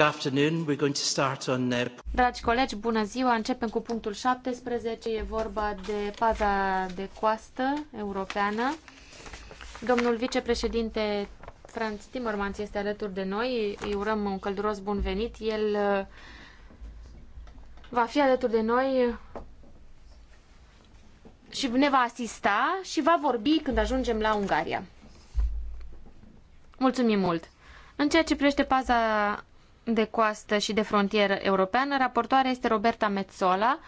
Uh, Dragi colegi, bună ziua! Începem cu punctul 17. E vorba de paza de coastă europeană. Domnul vicepreședinte Franz Timmermans este alături de noi. Îi urăm un călduros bun venit. El uh, va fi alături de noi și ne va asista și va vorbi când ajungem la Ungaria. Mulțumim mult! În ceea ce privește paza de coastă și de frontieră europeană. Raportoarea este Roberta Metzola,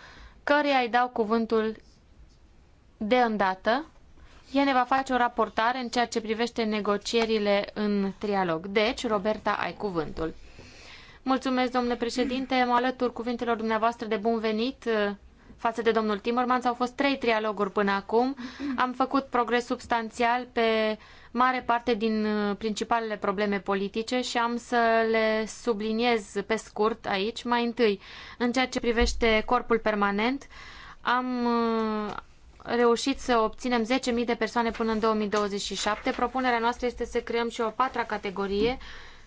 căreia îi dau cuvântul de îndată. Ea ne va face o raportare în ceea ce privește negocierile în trialog. Deci, Roberta, ai cuvântul. Mulțumesc, domnule președinte. Mă alătur cuvintelor dumneavoastră de bun venit uh, față de domnul Timmermans. Au fost trei trialoguri până acum. Am făcut progres substanțial pe mare parte din uh, principalele probleme politice și am să le subliniez pe scurt aici. Mai întâi, în ceea ce privește corpul permanent, am uh, reușit să obținem 10.000 de persoane până în 2027. Propunerea noastră este să creăm și o patra categorie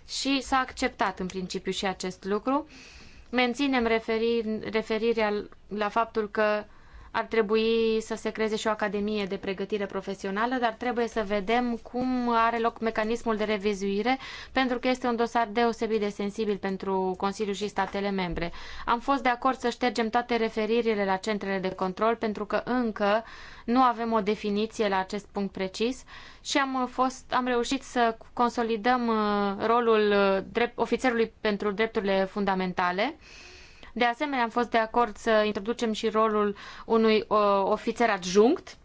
și s-a acceptat în principiu și acest lucru. Menținem referi, referirea la faptul că ar trebui să se creeze și o academie de pregătire profesională, dar trebuie să vedem cum are loc mecanismul de revizuire, pentru că este un dosar deosebit de sensibil pentru Consiliu și statele membre. Am fost de acord să ștergem toate referirile la centrele de control, pentru că încă nu avem o definiție la acest punct precis și am, fost, am reușit să consolidăm uh, rolul uh, drept, ofițerului pentru drepturile fundamentale. De asemenea, am fost de acord să introducem și rolul unui uh, ofițer adjunct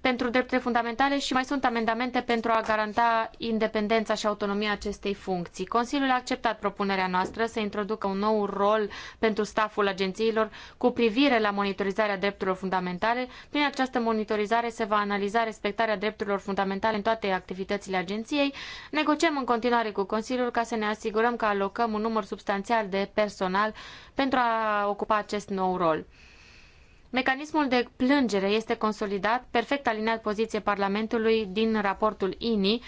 pentru drepturile fundamentale și mai sunt amendamente pentru a garanta independența și autonomia acestei funcții. Consiliul a acceptat propunerea noastră să introducă un nou rol pentru staful agențiilor cu privire la monitorizarea drepturilor fundamentale. Prin această monitorizare se va analiza respectarea drepturilor fundamentale în toate activitățile agenției. Negociem în continuare cu Consiliul ca să ne asigurăm că alocăm un număr substanțial de personal pentru a ocupa acest nou rol. Mecanismul de plângere este consolidat, perfect aliniat poziție Parlamentului din raportul INI,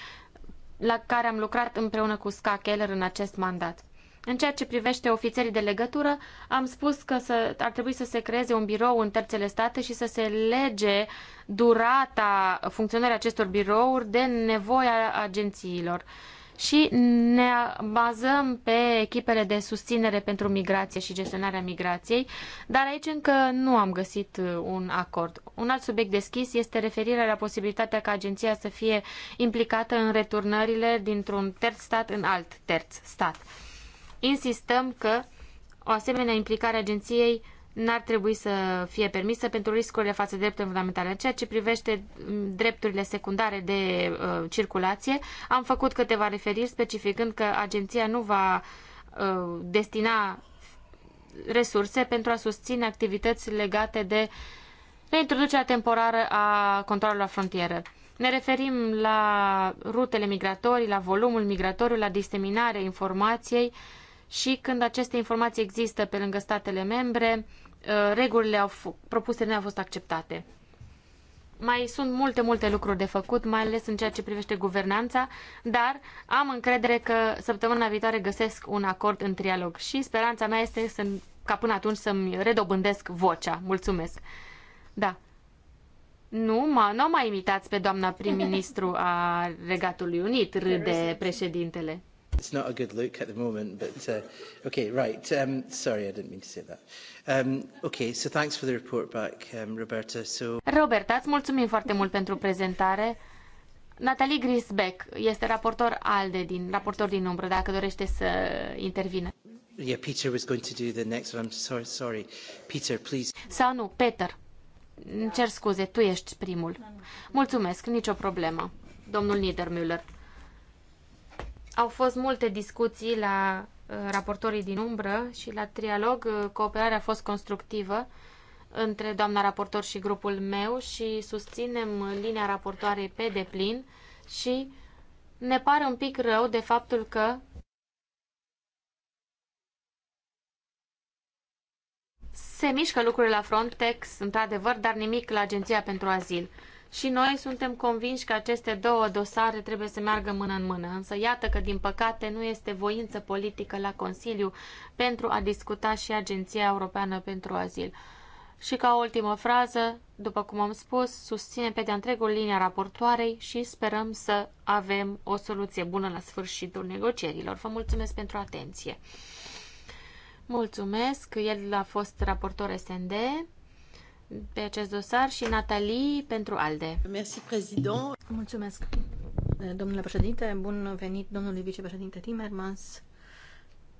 la care am lucrat împreună cu Ska Keller în acest mandat. În ceea ce privește ofițerii de legătură, am spus că să, ar trebui să se creeze un birou în terțele state și să se lege durata funcționării acestor birouri de nevoia agențiilor. Uh, și ne bazăm pe echipele de susținere pentru migrație și gestionarea migrației, dar aici încă nu am găsit uh, un acord. Un alt subiect deschis este referirea la posibilitatea ca agenția să fie implicată în returnările dintr-un terț stat în alt terț stat. Insistăm că o asemenea implicare a agenției n-ar trebui să fie permisă pentru riscurile față de drepturile fundamentale. În ceea ce privește mm, drepturile secundare de uh, circulație, am făcut câteva referiri specificând că agenția nu va uh, destina resurse pentru a susține activități legate de reintroducerea temporară a controlului la frontieră. Ne referim la rutele migratorii, la volumul migratoriu, la diseminarea informației și când aceste informații există pe lângă statele membre, Uh, regulile au propuse nu au fost acceptate. Mai sunt multe, multe lucruri de făcut, mai ales în ceea ce privește guvernanța, dar am încredere că săptămâna viitoare găsesc un acord în trialog și speranța mea este să, ca până atunci să-mi redobândesc vocea. Mulțumesc! Da. Nu, mă, nu mai imitați pe doamna prim-ministru a Regatului Unit, râde președintele. It's not a good look at the moment, but uh, okay, right. Um, sorry, I didn't mean to say that. Um, okay, so thanks for the report back, um, Roberta. So... Roberta, îți mulțumim foarte mult pentru prezentare. Natalie Grisbeck este raportor ALDE, din, raportor din umbră, dacă dorește să intervină. Yeah, Peter was going to do the next one. I'm sorry, sorry. Peter, please. Sau nu, Peter. Îmi cer scuze, tu ești primul. Mulțumesc, nicio problemă. Domnul Niedermüller. Au fost multe discuții la uh, raportorii din umbră și la trialog uh, cooperarea a fost constructivă între doamna raportor și grupul meu și susținem linia raportoarei pe deplin și ne pare un pic rău de faptul că se mișcă lucrurile la Frontex, într-adevăr, dar nimic la Agenția pentru Azil și noi suntem convinși că aceste două dosare trebuie să meargă mână în mână. Însă iată că, din păcate, nu este voință politică la Consiliu pentru a discuta și Agenția Europeană pentru Azil. Și ca ultimă frază, după cum am spus, susținem pe de-a întregul linia raportoarei și sperăm să avem o soluție bună la sfârșitul negocierilor. Vă mulțumesc pentru atenție! Mulțumesc! El a fost raportor SND pe acest dosar și Natalie pentru ALDE. Merci, president. Mulțumesc, domnule președinte. Bun venit, domnului vicepreședinte Timmermans.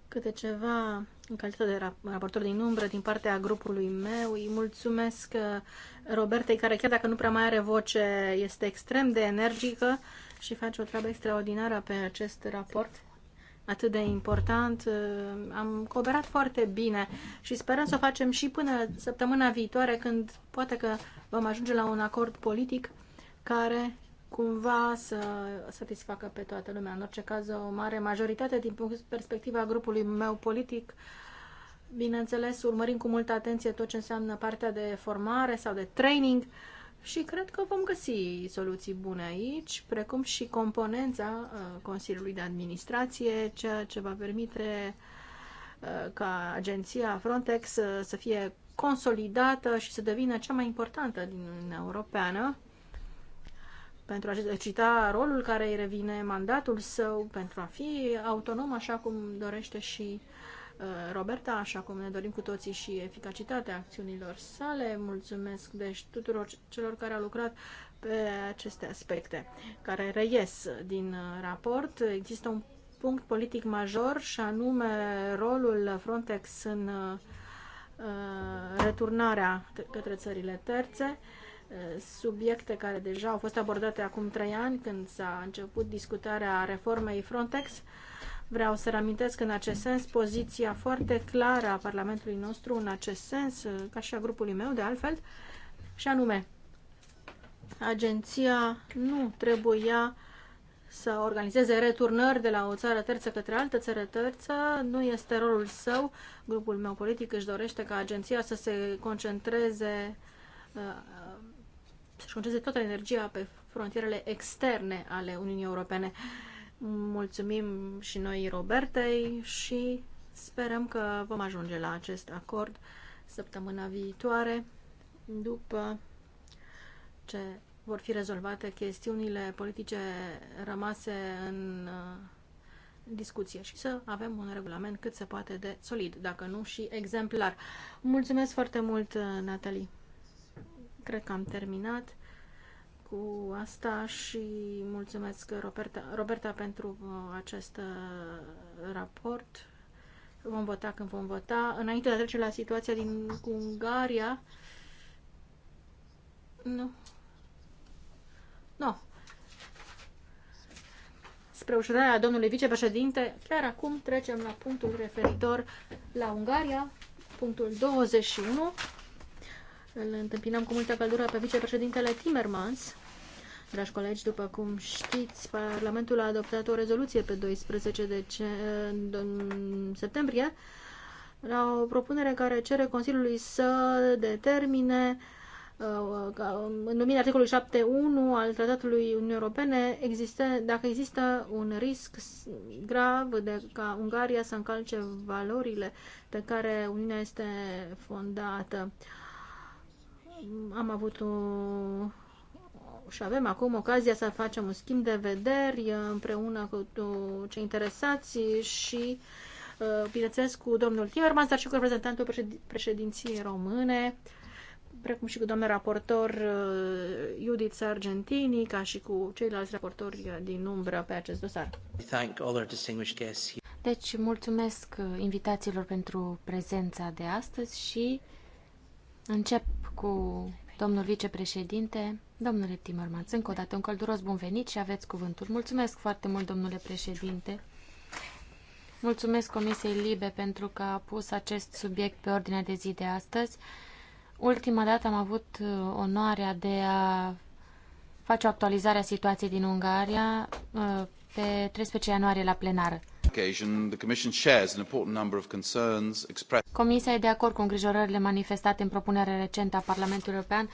Câte ceva în calitate de raportor din umbră din partea grupului meu. Îi mulțumesc uh, Robertei, care chiar dacă nu prea mai are voce, este extrem de energică și face o treabă extraordinară pe acest raport atât de important. Uh, am cooperat foarte bine și sperăm să o facem și până săptămâna viitoare, când poate că vom ajunge la un acord politic care cumva să satisfacă pe toată lumea. În orice caz, o mare majoritate din perspectiva grupului meu politic. Bineînțeles, urmărim cu multă atenție tot ce înseamnă partea de formare sau de training și cred că vom găsi soluții bune aici, precum și componența uh, Consiliului de Administrație, ceea ce va permite uh, ca agenția Frontex uh, să fie consolidată și să devină cea mai importantă din Uniunea Europeană pentru a exercita rolul care îi revine mandatul său, pentru a fi autonom așa cum dorește și uh, Eh, Roberta, așa cum ne dorim cu toții și eficacitatea acțiunilor sale. Mulțumesc deci tuturor celor care au lucrat pe aceste aspecte care reies din eh, raport. Există un punct politic major și anume rolul Frontex în eh, returnarea către țările terțe, subiecte care deja au fost abordate acum trei ani când s-a început discutarea reformei Frontex. Vreau să reamintesc în acest sens poziția foarte clară a Parlamentului nostru în acest sens, ca și a grupului meu de altfel, și anume, agenția nu trebuia să organizeze returnări de la o țară terță către altă țară terță, nu este rolul său. Grupul meu politic își dorește ca agenția să se concentreze uh, să-și concentreze toată energia pe frontierele externe ale Uniunii Europene. Uh, Mulțumim și noi Robertei și sperăm că vom ajunge la acest acord săptămâna viitoare, după ce vor fi rezolvate chestiunile politice rămase în uh, discuție și să avem un regulament cât se poate de solid, dacă nu și exemplar. Mulțumesc foarte mult, uh, Natalie. Cred că am terminat cu asta și mulțumesc Roberta, Roberta pentru uh, acest uh, raport. Vom vota când vom vota. Înainte de a trece la situația din Ungaria, nu. Nu. Spre ușurarea domnului vicepreședinte, chiar acum trecem la punctul referitor la Ungaria, punctul 21. Îl întâmpinăm cu multă căldură pe vicepreședintele Timmermans. Dragi colegi, după cum știți, Parlamentul a adoptat o rezoluție pe 12 dece... septembrie la o propunere care cere Consiliului să determine uh, um, în numirea articolului 7.1 al Tratatului Uniunii Europene, existe, dacă există un risc grav de ca Ungaria să încalce valorile pe care Uniunea este fondată. Uh, am avut o, și avem acum ocazia să facem un schimb de vederi uh, împreună cu uh, cei interesați și, uh, bineînțeles, cu domnul Timmermans, dar și cu reprezentantul președinției române, precum și cu domnul raportor Judith Sargentini, ca și cu ceilalți raportori din umbră pe acest dosar. Deci, mulțumesc invitațiilor pentru prezența de astăzi și Încep cu domnul vicepreședinte. Domnule Timmermans, încă o dată un călduros bun venit și aveți cuvântul. Mulțumesc foarte mult, domnule președinte. Mulțumesc Comisiei Libe pentru că a pus acest subiect pe ordinea de zi de astăzi. Ultima dată am avut uh, onoarea de a face o actualizare a situației din Ungaria uh, pe 13 ianuarie la plenară. Comisia e de acord cu îngrijorările manifestate în propunerea recentă a Parlamentului European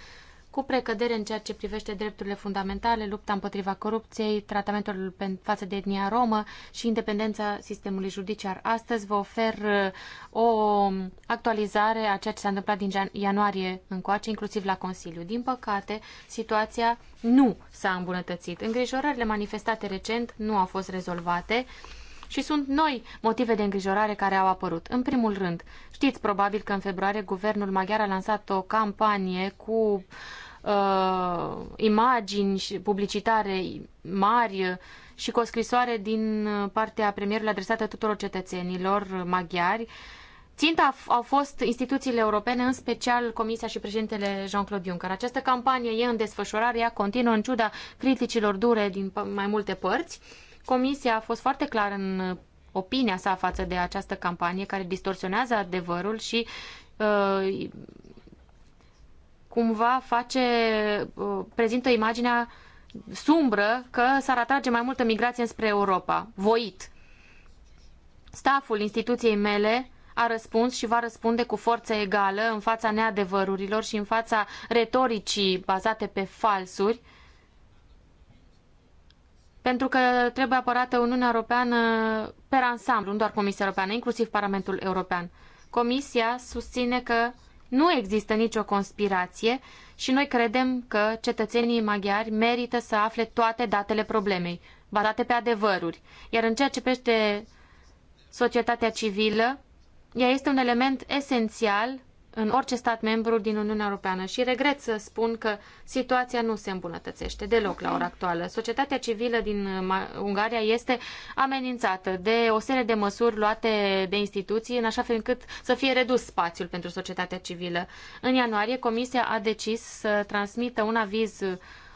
cu precădere în ceea ce privește drepturile fundamentale, lupta împotriva corupției, tratamentul față de etnia romă și independența sistemului judiciar. Astăzi vă ofer uh, o actualizare a ceea ce s-a întâmplat din ianuarie încoace, inclusiv la Consiliu. Din păcate, situația nu s-a îmbunătățit. Îngrijorările manifestate recent nu au fost rezolvate și sunt noi motive de îngrijorare care au apărut. În primul rând, știți probabil că în februarie guvernul maghiar a lansat o campanie cu uh, imagini publicitare mari și cu o scrisoare din partea premierului adresată tuturor cetățenilor maghiari. Ținta au fost instituțiile europene, în special Comisia și președintele Jean-Claude Juncker. Această campanie e în desfășurare, ea continuă în ciuda criticilor dure din mai multe părți. Uh, Comisia a fost foarte clară în uh, opinia sa față de această campanie care distorsionează adevărul și uh, cumva face, uh, prezintă imaginea sumbră că s-ar atrage mai multă migrație spre Europa, voit. Staful instituției mele a răspuns și va răspunde cu forță egală în fața neadevărurilor și în fața retoricii bazate pe falsuri uh, pentru că trebuie apărată Uniunea Europeană per ansamblu, nu doar Comisia Europeană, inclusiv Parlamentul European. Comisia susține că nu există nicio conspirație și noi credem că cetățenii maghiari merită să afle toate datele problemei, bazate pe adevăruri. Iar în ceea ce privește societatea civilă, ea este un element esențial în orice stat membru din Uniunea Europeană și regret să spun că situația nu se îmbunătățește deloc la ora actuală. Societatea civilă din uh, Ungaria este amenințată de o serie de măsuri luate de instituții în așa fel încât să fie redus spațiul pentru societatea civilă. În ianuarie, Comisia a decis să transmită un aviz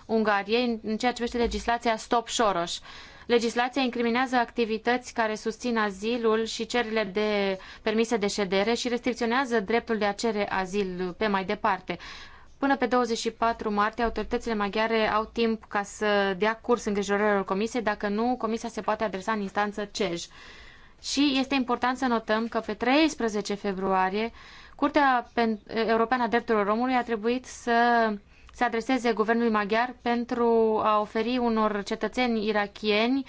Ungariei în ceea ce privește legislația Stop Soros. Legislația incriminează activități care susțin azilul și cererile de permise de ședere și restricționează dreptul de a cere azil pe mai departe. Până pe 24 martie, autoritățile maghiare au timp ca să dea curs îngrijorărilor comisiei, dacă nu, comisia se poate adresa în instanță CEJ. Și este important să notăm că pe 13 februarie, Curtea Europeană a Drepturilor Omului a trebuit să se adreseze guvernului maghiar pentru a oferi unor cetățeni irachieni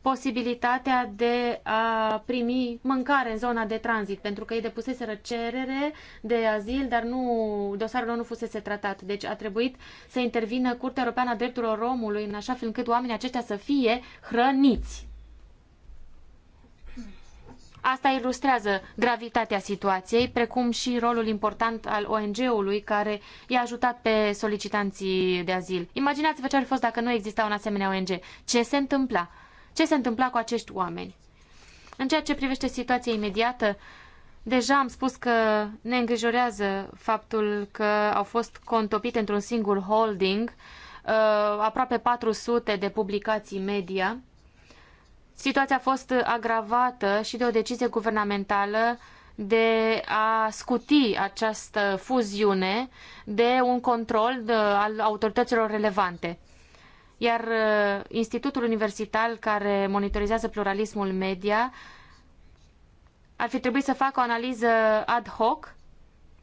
posibilitatea de a primi mâncare în zona de tranzit, pentru că ei depuseseră cerere de azil, dar nu, dosarul lor nu fusese tratat. Deci a trebuit să intervină Curtea Europeană a Drepturilor Omului, în așa fel încât oamenii aceștia să fie hrăniți. Asta ilustrează gravitatea situației, precum și rolul important al ONG-ului care i-a ajutat pe solicitanții de azil. Imaginați-vă ce ar fi fost dacă nu exista un asemenea ONG. Ce se întâmpla? Ce se întâmpla cu acești oameni? În ceea ce privește situația imediată, deja am spus că ne îngrijorează faptul că au fost contopite într-un singur holding uh, aproape 400 de publicații media Situația a fost agravată și de o decizie guvernamentală de a scuti această fuziune de un control de, al autorităților relevante. Iar uh, Institutul Universitar care monitorizează pluralismul media ar fi trebuit să facă o analiză ad hoc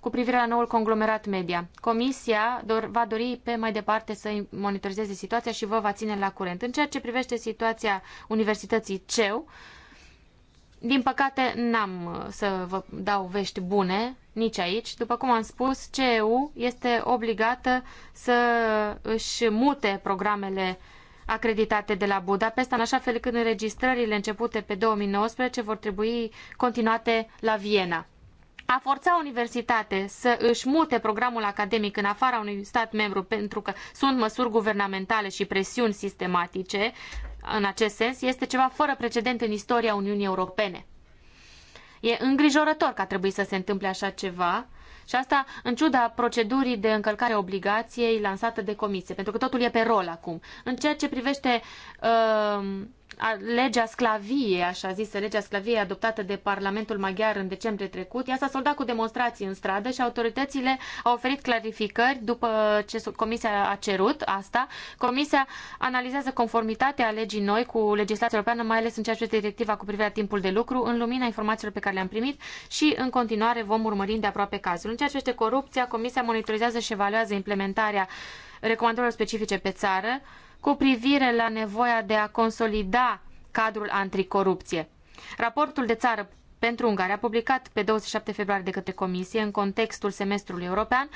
cu privire la noul conglomerat media. Comisia dor, va dori pe mai departe să monitorizeze situația și vă va ține la curent. În ceea ce privește situația Universității CEU, din păcate n-am uh, să vă dau vești bune nici aici. După cum am spus, CEU este obligată să își mute programele acreditate de la Budapesta, în așa fel când înregistrările începute pe 2019 vor trebui continuate la Viena a forța universitate să își mute programul academic în afara unui stat membru pentru că sunt măsuri guvernamentale și presiuni sistematice în acest sens este ceva fără precedent în istoria Uniunii Europene. E îngrijorător că a trebuit să se întâmple așa ceva și asta în ciuda procedurii de încălcare a obligației lansată de comisie, pentru că totul e pe rol acum. În ceea ce privește uh, legea sclaviei, așa zisă, legea sclaviei adoptată de Parlamentul Maghiar în decembrie trecut, ea s-a soldat cu demonstrații în stradă și autoritățile au oferit clarificări după ce Comisia a cerut asta. Comisia analizează conformitatea legii noi cu legislația europeană, mai ales în ceea ce privește directiva cu privire la timpul de lucru, în lumina informațiilor pe care le-am primit și în continuare vom urmări de aproape cazul. În ceea ce privește corupția, Comisia monitorizează și evaluează implementarea recomandărilor specifice pe țară, cu privire la nevoia de a consolida cadrul anticorupție. Raportul de țară pentru Ungaria, publicat pe 27 februarie de către Comisie în contextul semestrului european,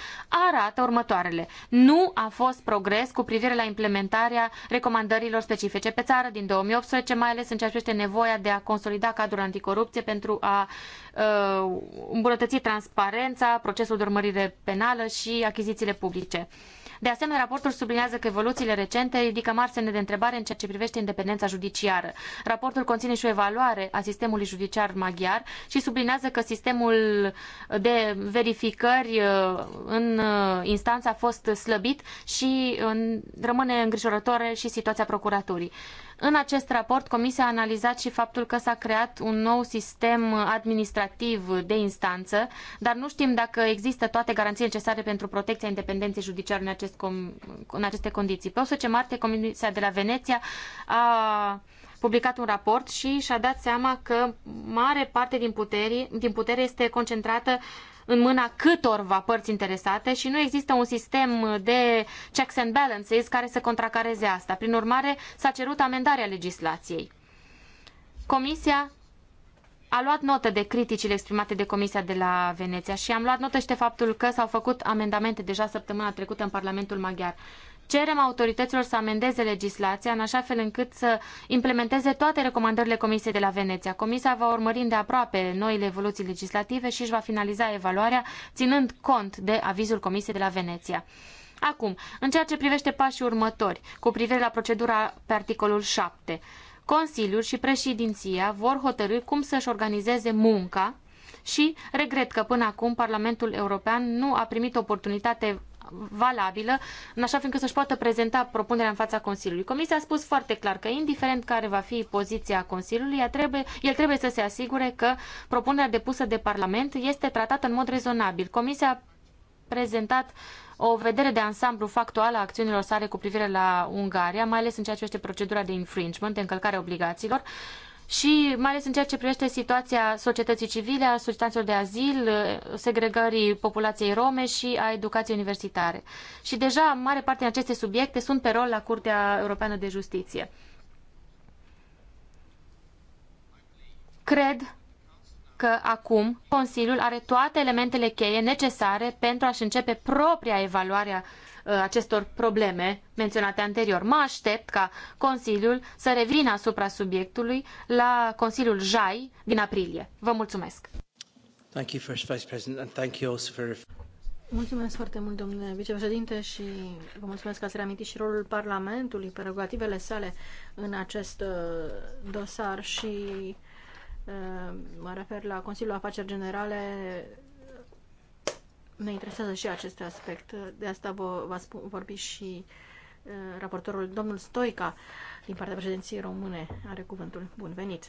arată următoarele. Nu a fost progres cu privire la implementarea recomandărilor specifice pe țară din 2018, mai ales în ceea ce privește nevoia de a consolida cadrul anticorupție pentru a uh, îmbunătăți transparența, procesul de urmărire penală și achizițiile publice. Uh, de asemenea, raportul subliniază că evoluțiile recente ridică mari semne de întrebare în ceea ce privește independența judiciară. Raportul conține și o evaluare a sistemului judiciar maghiar și subliniază că sistemul de verificări uh, în uh, instanță a fost slăbit și uh, rămâne îngrijorătoare și situația procuraturii. În acest raport, Comisia a analizat și faptul că s-a creat un nou sistem administrativ de instanță, dar nu știm dacă există toate garanțiile necesare pentru protecția independenței judiciare în, acest, în aceste condiții. Pe 18 martie, Comisia de la Veneția a publicat un raport și și-a dat seama că mare parte din, putere din putere este concentrată în mâna câtorva părți interesate și nu există un sistem de checks and balances care să contracareze asta. Prin urmare, s-a cerut amendarea legislației. Comisia a luat notă de criticile exprimate de Comisia de la Veneția și am luat notă și de faptul că s-au făcut amendamente deja săptămâna trecută în Parlamentul Maghiar. Cerem autorităților să amendeze legislația în așa fel încât să implementeze toate recomandările Comisiei de la Veneția. Comisia va urmări îndeaproape noile evoluții legislative și își va finaliza evaluarea ținând cont de avizul Comisiei de la Veneția. Acum, în ceea ce privește pașii următori, cu privire la procedura pe articolul 7, Consiliul și președinția vor hotărî cum să-și organizeze munca și regret că până acum Parlamentul European nu a primit oportunitate, valabilă, în așa fel încât să-și poată prezenta propunerea în fața Consiliului. Comisia a spus foarte clar că, indiferent care va fi poziția Consiliului, el trebuie, el trebuie să se asigure că propunerea depusă de Parlament este tratată în mod rezonabil. Comisia a prezentat o vedere de ansamblu factuală a acțiunilor sale cu privire la Ungaria, mai ales în ceea ce este procedura de infringement, de încălcare a obligațiilor, și mai ales în ceea ce privește situația societății civile, a solicitanților de azil, segregării populației rome și a educației universitare. Și deja mare parte din aceste subiecte sunt pe rol la Curtea Europeană de Justiție. Cred că acum Consiliul are toate elementele cheie necesare pentru a-și începe propria evaluare a Uh, acestor probleme menționate anterior. Mă aștept ca Consiliul să revină asupra subiectului la Consiliul JAI din aprilie. Vă mulțumesc! Thank you, First Vice President, and thank you also for... Mulțumesc foarte mult, domnule vicepreședinte, și vă mulțumesc că ați reamintit și rolul Parlamentului, prerogativele sale în acest uh, dosar și uh, mă refer la Consiliul Afaceri Generale Mă interesează și acest aspect. De asta vă, va vorbi și uh, raportorul domnul Stoica din partea președinției române. Are cuvântul. Bun venit!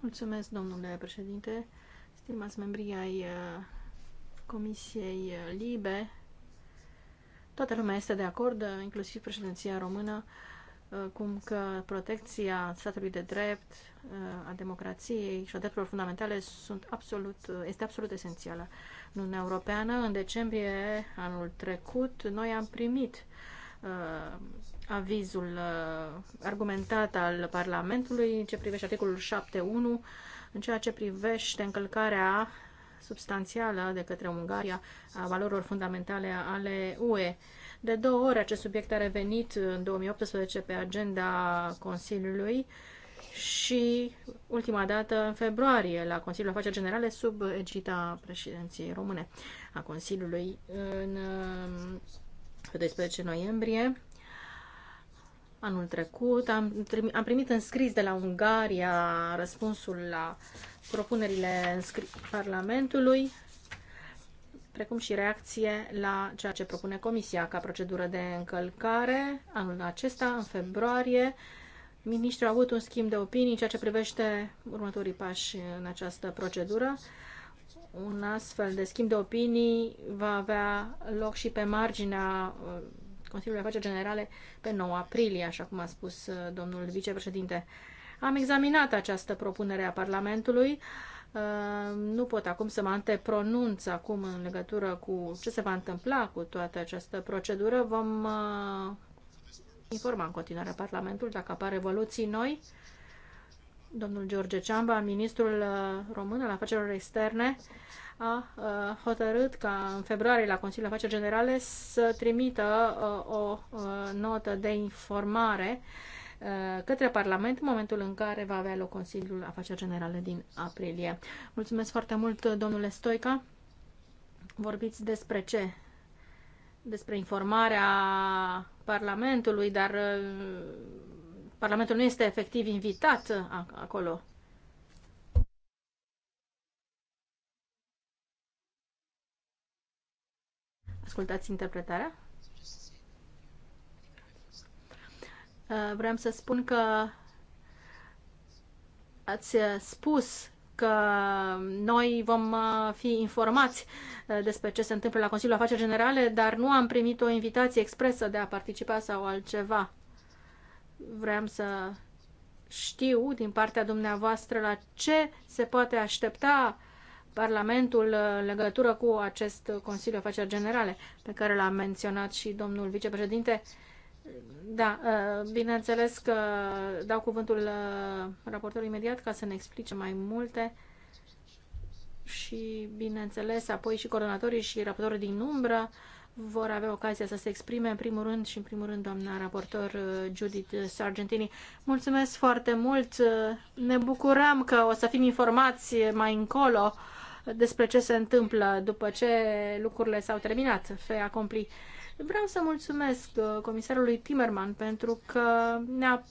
Mulțumesc, domnule președinte, stimați membrii ai uh, Comisiei uh, Libe. Toată lumea este de acord, inclusiv președinția română. Uh, cum că protecția statului de drept, uh, a democrației și a drepturilor fundamentale sunt absolut, uh, este absolut esențială în Uniunea Europeană. În decembrie anul trecut, noi am primit uh, avizul uh, argumentat al Parlamentului în ce privește articolul 7.1, în ceea ce privește încălcarea substanțială de către Ungaria a valorilor fundamentale ale UE. Uh, de două ori acest subiect a revenit în 2018 pe agenda Consiliului și ultima dată în februarie la Consiliul Afaceri Generale sub egida președinției române a Consiliului în 12 noiembrie anul trecut. Am, am primit în scris de la Ungaria răspunsul la propunerile Parlamentului precum și reacție la ceea ce propune Comisia ca procedură de încălcare. Anul acesta, în februarie, ministrul a avut un schimb de opinii în ceea ce privește următorii pași în această procedură. Un astfel de schimb de opinii va avea loc și pe marginea uh, Consiliului Afaceri Generale pe 9 aprilie, așa cum a spus uh, domnul vicepreședinte. Am examinat această propunere a Parlamentului. Uh, Ehm, nu pot acum să mă antepronunț acum în legătură cu ce se va întâmpla cu toată această procedură. Vom uh, informa în continuare Parlamentul dacă apar evoluții noi. Domnul George Ciamba, ministrul uh, român al afacerilor externe, a uh, hotărât ca în februarie la Consiliul Afaceri Generale să trimită o notă de informare Uh, către Parlament în momentul în care va avea loc Consiliul Afaceri Generale din aprilie. Mulțumesc foarte mult, domnule Stoica. Vorbiți despre ce? Despre informarea Parlamentului, dar uh, Parlamentul nu este efectiv invitat acolo. Ascultați interpretarea? Uh, vreau să spun că ați uh, spus că noi vom uh, fi informați despre ce se întâmplă la Consiliul Afaceri Generale, dar nu am primit o invitație expresă de a participa sau altceva. Vreau să știu din partea dumneavoastră la ce se poate aștepta Parlamentul în legătură cu acest Consiliu Afaceri Generale pe care l-a menționat și domnul vicepreședinte da, uh, bineînțeles că dau cuvântul uh, raportorului imediat ca să ne explice mai multe și, bineînțeles, apoi și coordonatorii și raportorii din umbră vor avea ocazia să se exprime, în primul rând și în primul rând doamna raportor uh, Judith Sargentini. Mulțumesc foarte mult! Ne bucurăm că o să fim informați mai încolo despre ce se întâmplă după ce lucrurile s-au terminat, fe accompli. Vreau să mulțumesc uh, comisarului Timerman pentru că ne-a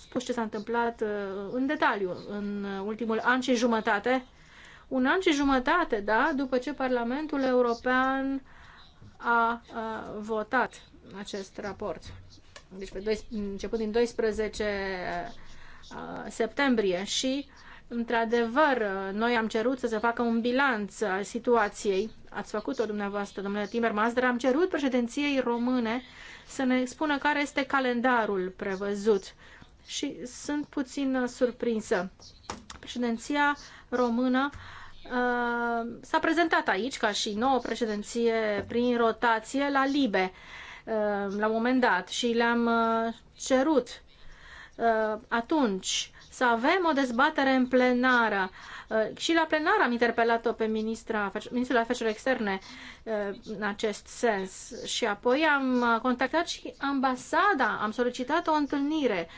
spus ce s-a întâmplat uh, în detaliu în ultimul an și jumătate. Un an și jumătate, da, după ce Parlamentul European a, uh, votat acest raport. Deci pe 12, începând din 12 uh, septembrie și uh, Într-adevăr, noi am cerut să se facă un bilanț al situației. Ați făcut-o dumneavoastră, domnule Timmermans, dar am cerut președinției române să ne spună care este calendarul prevăzut. Și sunt puțin surprinsă. Președinția română uh, s-a prezentat aici ca și nouă președinție prin rotație la Libe uh, la un moment dat și le-am uh, cerut uh, atunci să avem o dezbatere în plenară. Uh, și la plenară am interpelat-o pe ministra, ministrul afacerilor externe uh, în acest sens. Și apoi am contactat și ambasada, am solicitat o întâlnire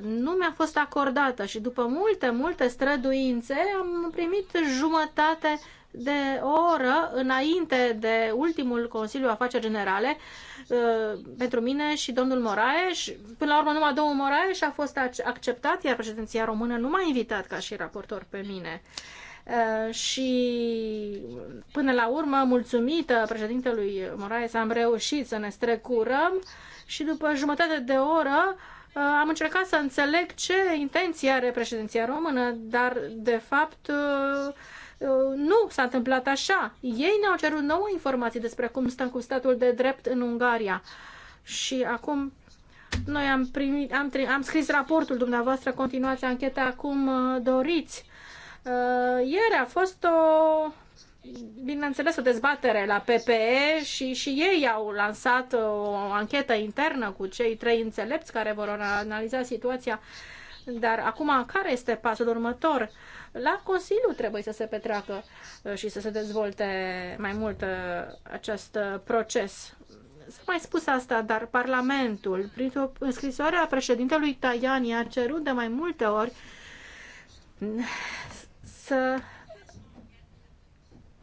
nu mi-a fost acordată și după multe, multe străduințe am primit jumătate de o oră înainte de ultimul Consiliu Afaceri Generale uh, pentru mine și domnul Moraes. Până la urmă, numai domnul Moraes a fost acceptat, iar președinția română nu m-a invitat ca și raportor pe mine. Uh, și până la urmă, mulțumită președintelui Moraes, am reușit să ne strecurăm și după jumătate de oră Uh, am încercat să înțeleg ce intenție are președinția română, dar, de fapt, uh, uh, nu s-a întâmplat așa. Ei ne-au cerut nouă informații despre cum stăm cu statul de drept în Ungaria. Și acum noi am, primit, am, am scris raportul dumneavoastră, continuați ancheta cum doriți. Ieri a fost o bineînțeles, o dezbatere la PPE și, și ei au lansat o anchetă internă cu cei trei înțelepți care vor analiza situația. Dar acum, care este pasul următor? La Consiliu trebuie să se petreacă uh, și să se dezvolte mai mult uh, acest uh, proces. S-a mai spus asta, dar Parlamentul, printr-o scrisoare a președintelui Tajani, a cerut de mai multe ori mm, să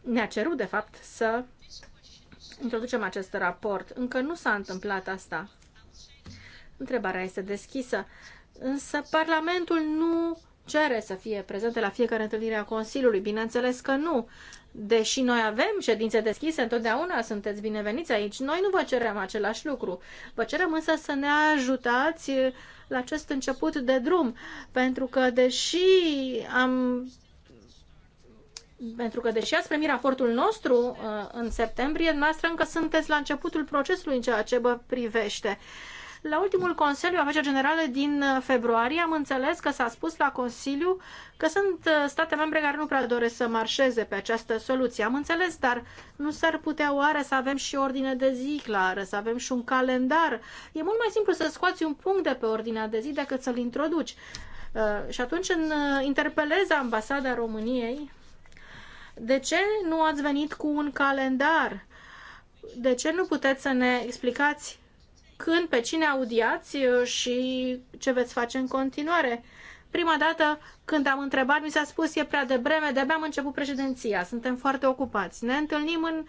ne-a cerut, de fapt, să introducem acest raport. Încă nu s-a întâmplat asta. Întrebarea este deschisă, însă Parlamentul nu cere să fie prezente la fiecare întâlnire a Consiliului. Bineînțeles că nu. Deși noi avem ședințe deschise, întotdeauna sunteți bineveniți aici. Noi nu vă cerem același lucru. Vă cerem însă să ne ajutați la acest început de drum, pentru că deși am pentru că, deși ați primit raportul nostru uh, în septembrie, noastră încă sunteți la începutul procesului în ceea ce vă privește. La ultimul Consiliu Afaceri Generale din uh, februarie am înțeles că s-a spus la Consiliu că sunt uh, state membre care nu prea doresc să marșeze pe această soluție. Am înțeles, dar nu s-ar putea oare să avem și ordine de zi clară, să avem și un calendar? E mult mai simplu să scoți un punct de pe ordinea de zi decât să-l introduci. Și atunci interpelez ambasada României de ce nu ați venit cu un calendar? De ce nu puteți să ne explicați când, pe cine audiați uh, și ce veți face în continuare? Prima dată când am întrebat, mi s-a spus e prea breme, de-abia am început președinția, suntem foarte ocupați. Ne întâlnim în,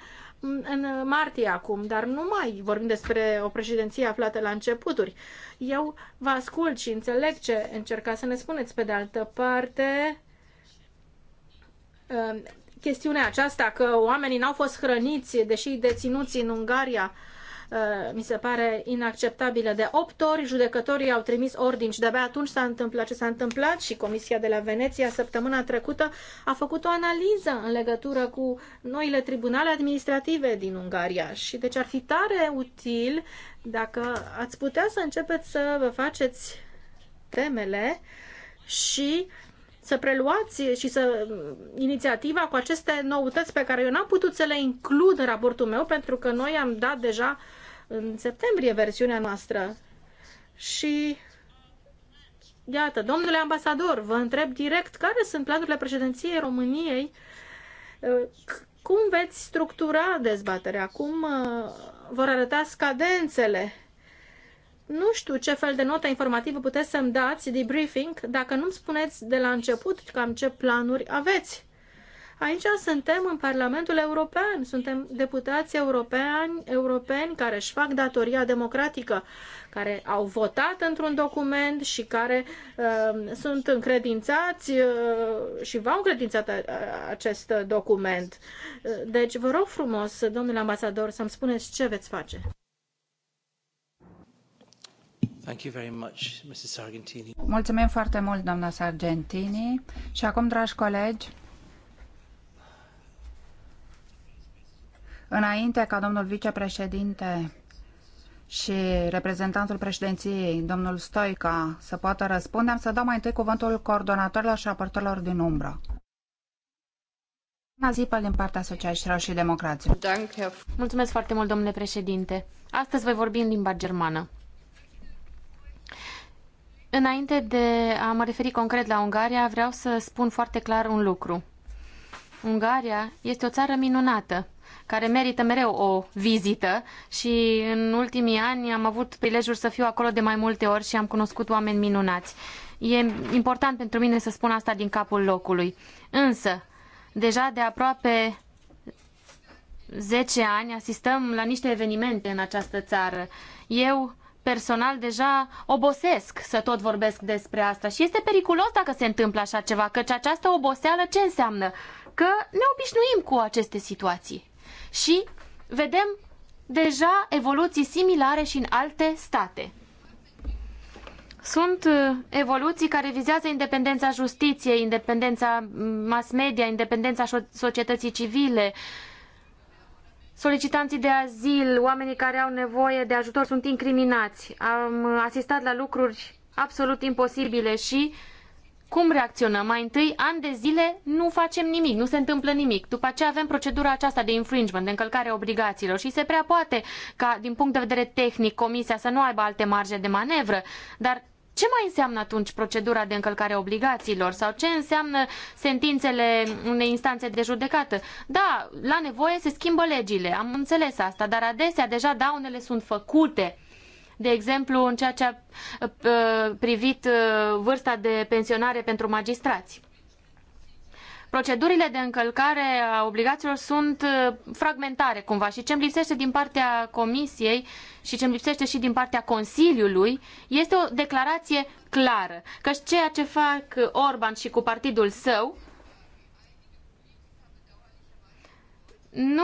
în martie acum, dar nu mai vorbim despre o președinție aflată la începuturi. Eu vă ascult și înțeleg ce încercați să ne spuneți. Pe de altă parte, uh, chestiunea aceasta că oamenii n-au fost hrăniți, deși deținuți în Ungaria, uh, mi se pare inacceptabilă. De opt ori judecătorii au trimis ordini și de-abia atunci s-a întâmplat ce s-a întâmplat și Comisia de la Veneția săptămâna trecută a făcut o analiză în legătură cu noile tribunale administrative din Ungaria și deci ar fi tare util dacă ați putea să începeți să vă faceți temele și uh, să preluați și să mm, inițiativa cu aceste noutăți pe care eu n-am putut să le includ în raportul meu pentru că noi am dat deja în septembrie versiunea noastră. Și iată, domnule ambasador, vă întreb direct care sunt planurile președinției României ă, cum veți structura dezbaterea? Cum ă, vor arăta scadențele? Nu știu ce fel de notă informativă puteți să-mi dați de briefing dacă nu-mi spuneți de la început cam ce planuri aveți. Aici suntem în Parlamentul European, suntem deputați europeani, europeni care își fac datoria democratică, care au votat într-un document și care uh, sunt încredințați uh, și v-au încredințat acest document. Uh, deci vă rog frumos, domnule ambasador, să-mi spuneți ce veți face. Sargentini. Mulțumim foarte mult, doamna Sargentini. Și acum, dragi colegi, înainte ca domnul vicepreședinte și reprezentantul președinției, domnul Stoica, să poată răspunde, am să dau mai întâi cuvântul coordonatorilor și raportorilor din umbră. Bună ziua din partea Asociațiilor și Democrație. Mulțumesc foarte mult, domnule președinte. Astăzi voi vorbi în limba germană. Înainte de a mă referi concret la Ungaria, vreau să spun foarte clar un lucru. Ungaria este o țară minunată, care merită mereu o vizită și în ultimii ani am avut prilejul să fiu acolo de mai multe ori și am cunoscut oameni minunați. E important pentru mine să spun asta din capul locului. Însă, deja de aproape 10 ani asistăm la niște evenimente în această țară. Eu personal deja obosesc să tot vorbesc despre asta și este periculos dacă se întâmplă așa ceva, căci această oboseală ce înseamnă? Că ne obișnuim cu aceste situații și vedem deja evoluții similare și în alte state. Sunt uh, evoluții care vizează independența justiției, independența mm, mass media, independența societății civile, uh, solicitanții de azil, oamenii care au nevoie de ajutor sunt incriminați. Am asistat la lucruri absolut imposibile și cum reacționăm? Mai întâi, ani de zile, nu facem nimic, nu se întâmplă nimic. După aceea avem procedura aceasta de infringement, de încălcare a obligațiilor și se prea poate ca, din punct de vedere tehnic, comisia să nu aibă alte marje de manevră, dar ce mai înseamnă atunci procedura de încălcare a obligațiilor sau ce înseamnă sentințele unei instanțe de judecată? Da, la nevoie se schimbă legile, am înțeles asta, dar adesea deja daunele sunt făcute. De exemplu, în ceea ce a uh, privit uh, vârsta de pensionare pentru magistrați procedurile de încălcare a obligațiilor sunt uh, fragmentare cumva și ce îmi lipsește din partea Comisiei și ce îmi lipsește și din partea Consiliului este o declarație clară că ceea ce fac Orban și cu partidul său nu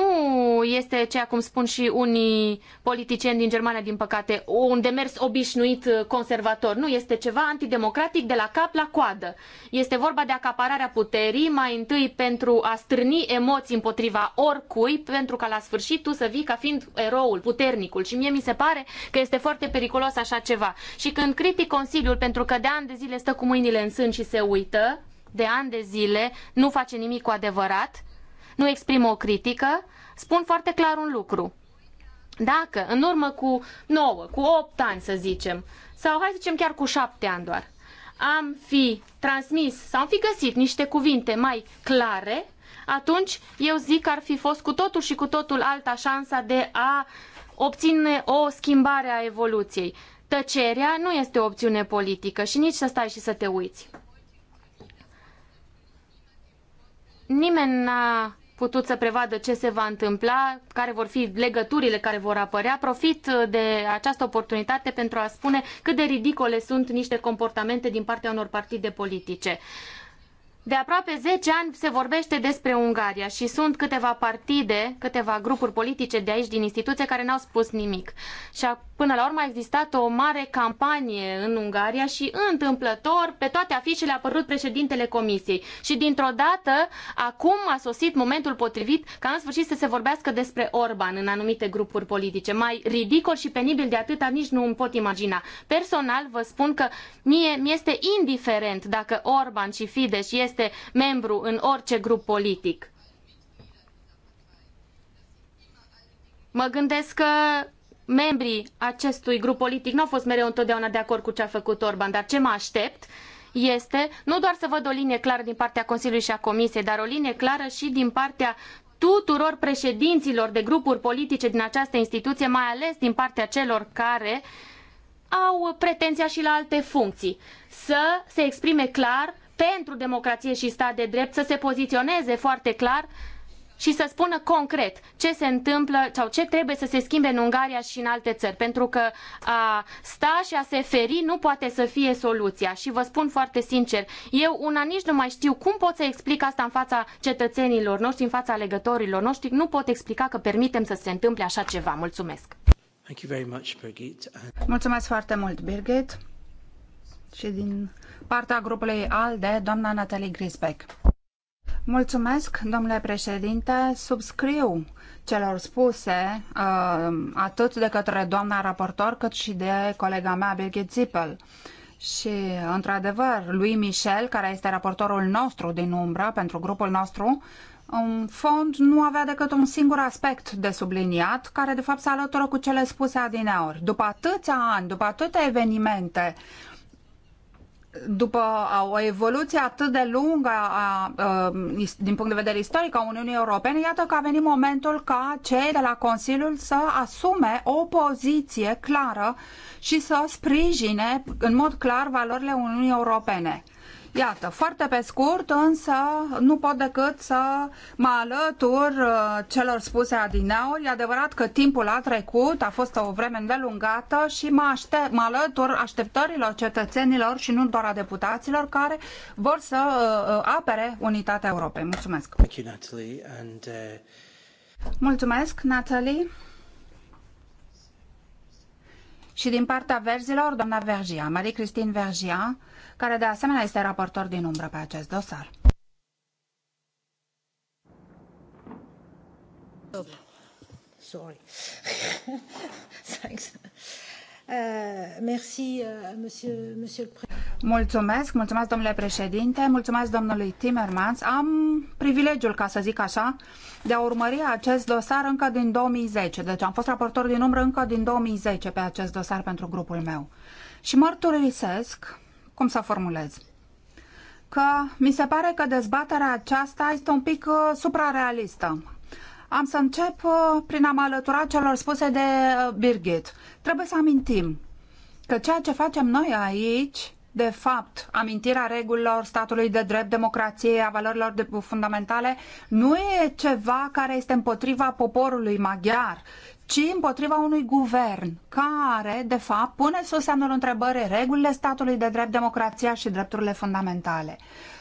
este ceea cum spun și unii politicieni din Germania, din păcate, un demers obișnuit uh, conservator. Nu, este ceva antidemocratic de la cap la coadă. Este vorba de acapararea puterii, mai întâi pentru a strâni emoții împotriva oricui, pentru ca la sfârșit tu să vii ca fiind eroul, puternicul. Și mie mi se pare că este foarte periculos așa ceva. Și când critic Consiliul pentru că de ani de zile stă cu mâinile în sân și se uită, de ani de zile, nu face nimic cu adevărat, nu exprim o critică, spun foarte clar un lucru. Dacă în urmă cu 9, cu 8 ani să zicem, sau hai să zicem chiar cu 7 ani doar, am fi transmis sau am fi găsit niște cuvinte mai clare, atunci eu zic că ar fi fost cu totul și cu totul alta șansa de a obține o schimbare a evoluției. Tăcerea nu este o opțiune politică și nici să stai și să te uiți. Nimeni n-a putut să prevadă ce se va întâmpla, care vor fi legăturile care vor apărea. Profit de această oportunitate pentru a spune cât de ridicole sunt niște comportamente din partea unor partide politice. De aproape 10 ani se vorbește despre Ungaria și sunt câteva partide, câteva grupuri politice de aici, din instituție, care n-au spus nimic. Și până la urmă a existat o mare campanie în Ungaria și întâmplător pe toate afișele a apărut președintele comisiei. Și dintr-o dată, acum a sosit momentul potrivit ca în sfârșit să se vorbească despre Orban în anumite grupuri politice. Mai ridicol și penibil de atâta nici nu îmi pot imagina. Personal vă spun că mie mi este indiferent dacă Orban și Fidesz este este membru în orice grup politic. Mă gândesc că membrii acestui grup politic nu au fost mereu întotdeauna de acord cu ce a făcut Orban, dar ce mă aștept este nu doar să văd o linie clară din partea Consiliului și a Comisiei, dar o linie clară și din partea tuturor președinților de grupuri politice din această instituție, mai ales din partea celor care au pretenția și la alte funcții, să se exprime clar pentru democrație și stat de drept să se poziționeze foarte clar și să spună concret ce se întâmplă sau ce trebuie să se schimbe în Ungaria și în alte țări. Pentru că a sta și a se feri nu poate să fie soluția. Și vă spun foarte sincer, eu una nici nu mai știu cum pot să explic asta în fața cetățenilor noștri, în fața alegătorilor noștri. Nu pot explica că permitem să se întâmple așa ceva. Mulțumesc! Mulțumesc foarte mult, Birgit și din partea grupului ALDE, doamna Natalie Grisbeck. Mulțumesc, domnule președinte. Subscriu celor spuse uh, atât de către doamna raportor cât și de colega mea, Birgit Zippel. Și, într-adevăr, lui Michel, care este raportorul nostru din umbră pentru grupul nostru, în fond nu avea decât un singur aspect de subliniat, care de fapt se alătură cu cele spuse adineori. După atâția ani, după atâtea evenimente, după o evoluție atât de lungă a, um, din punct de vedere istoric a Uniunii Europene, iată că a venit momentul ca cei de la Consiliul să asume o poziție clară și să sprijine în mod clar valorile Uniunii Europene. Iată, foarte pe scurt, însă nu pot decât să mă alătur uh, celor spuse adineori. E adevărat că timpul a trecut, a fost o vreme îndelungată și mă, aștept, mă alătur așteptărilor cetățenilor și nu doar a deputaților care vor să uh, uh, apere unitatea Europei. Mulțumesc! Thank you, Natalie. And, uh... Mulțumesc, Natalie! Și din partea verzilor, doamna Vergia, Marie-Christine Vergia, care de asemenea este raportor din umbră pe acest dosar. sorry. Thanks. Uh, merci, uh, monsieur, monsieur le Mulțumesc, mulțumesc domnule președinte, mulțumesc domnului Timmermans. Am privilegiul, ca să zic așa, de a urmări acest dosar încă din 2010. Deci am fost raportor din umbră încă din 2010 pe acest dosar pentru grupul meu. Și mărturisesc cum să formulez, că mi se pare că dezbaterea aceasta este un pic uh, suprarealistă. Am să încep uh, prin a mă alătura celor spuse de uh, Birgit. Trebuie să amintim că ceea ce facem noi aici de fapt, amintirea regulilor statului de drept, democrației, a valorilor de, fundamentale, nu e ceva care este împotriva poporului maghiar, ci împotriva unui guvern care, de fapt, pune sub semnul întrebării regulile statului de drept, democrația și drepturile fundamentale.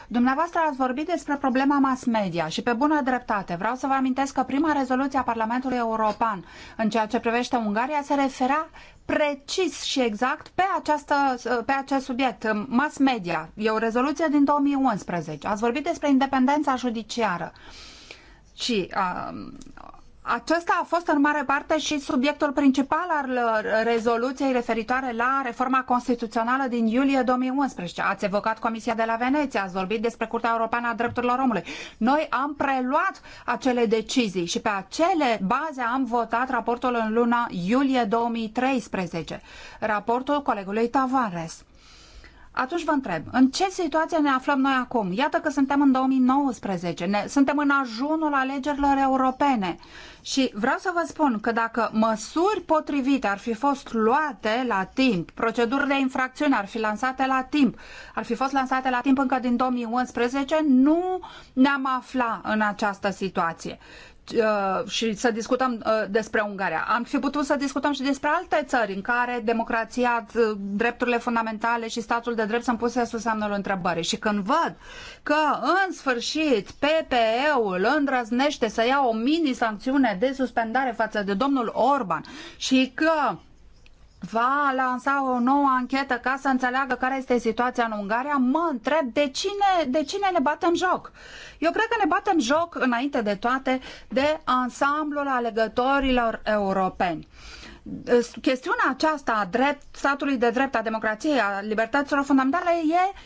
Dumneavoastră ați vorbit despre problema mass media și pe bună dreptate. Vreau să vă amintesc că prima rezoluție a Parlamentului European în ceea ce privește Ungaria se referea precis și exact pe, această, pe acest subiect, mass media. E o rezoluție din 2011. Ați vorbit despre independența judiciară. Și uh, acesta a fost în mare parte și subiectul principal al uh, rezoluției referitoare la reforma constituțională din iulie 2011. Ați evocat Comisia de la Veneția, ați vorbit despre Curtea Europeană a Drepturilor Omului. Noi am preluat acele decizii și pe acele baze am votat raportul în luna iulie 2013, raportul colegului Tavares. Atunci vă întreb, în ce situație ne aflăm noi acum? Iată că suntem în 2019, ne, suntem în ajunul alegerilor europene și vreau să vă spun că dacă măsuri potrivite ar fi fost luate la timp, proceduri de infracțiune ar fi lansate la timp, ar fi fost lansate la timp încă din 2011, nu ne-am afla în această situație. Uh, și să discutăm uh, despre Ungaria. Am fi putut să discutăm și despre alte țări în care democrația, uh, drepturile fundamentale și statul de drept sunt puse sub semnul întrebării. Și când văd că, în sfârșit, PPE-ul îndrăznește să ia o mini-sancțiune de suspendare față de domnul Orban și că va lansa o nouă anchetă ca să înțeleagă care este situația în Ungaria, mă întreb de cine, de cine ne batem joc. Eu cred că ne batem joc, înainte de toate, de ansamblul alegătorilor europeni chestiunea aceasta a drept, statului de drept, a democrației, a libertăților fundamentale e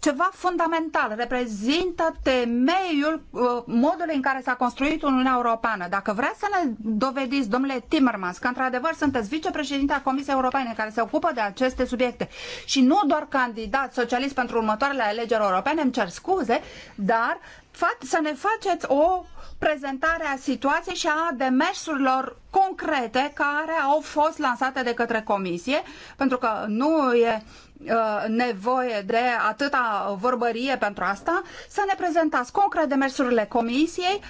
ceva fundamental, reprezintă temeiul uh, modului în care s-a construit Uniunea Europeană. Dacă vreți să ne dovediți, domnule Timmermans, că într-adevăr sunteți vicepreședinte al Comisiei Europene care se ocupă de aceste subiecte și nu doar candidat socialist pentru următoarele alegeri europene, îmi cer scuze, dar să ne faceți o prezentare a situației și a demersurilor concrete care au fost lansate de către Comisie, pentru că nu e Uh, nevoie de atâta vorbărie pentru asta, să ne prezentați concret demersurile comisiei,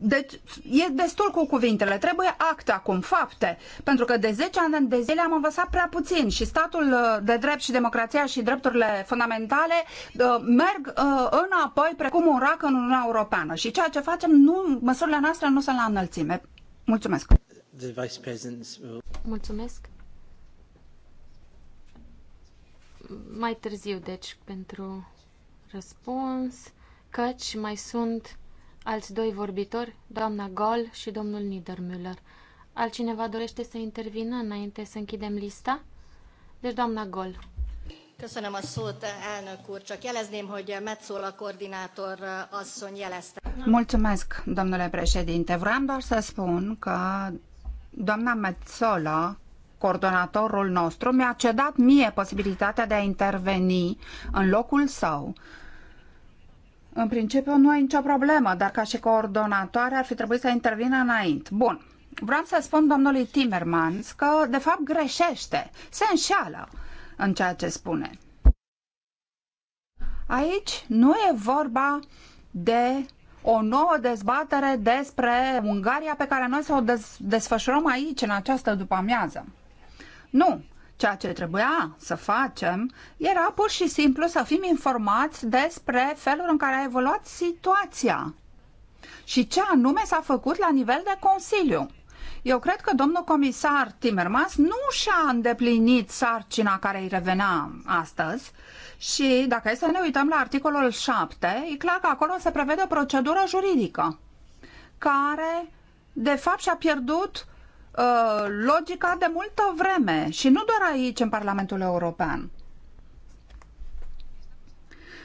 deci e destul cu cuvintele, trebuie acte acum, fapte, pentru că de 10 ani de zile am învățat prea puțin și statul uh, de drept și democrația și drepturile fundamentale uh, merg înapoi precum un rac în Uniunea Europeană și ceea ce facem, nu, măsurile noastre nu sunt la înălțime. Mulțumesc! Mulțumesc! mai târziu, deci, pentru răspuns, căci mai sunt alți doi vorbitori, doamna Gol și domnul Niedermüller. Altcineva dorește să intervină înainte să închidem lista? Deci, doamna Gol. Köszönöm a szót, elnök úr. Csak jelezném, hogy Metzola koordinátor asszony jelezte. Mulțumesc, domnule președinte. Vreau doar să spun că doamna Metzola, coordonatorul nostru, mi-a cedat mie posibilitatea de a interveni în locul său. În principiu nu e nicio problemă, dar ca și coordonatoare ar fi trebuit să intervină înainte. Bun, vreau să spun domnului Timmermans că de fapt greșește, se înșeală în ceea ce spune. Aici nu e vorba de o nouă dezbatere despre Ungaria pe care noi să o desfășurăm aici, în această după-amiază. Nu! Ceea ce trebuia să facem era pur și simplu să fim informați despre felul în care a evoluat situația și ce anume s-a făcut la nivel de Consiliu. Eu cred că domnul comisar Timmermans nu și-a îndeplinit sarcina care îi revenea astăzi și dacă e să ne uităm la articolul 7, e clar că acolo se prevede o procedură juridică care de fapt și-a pierdut Uh, logica de multă vreme și nu doar aici, în Parlamentul European.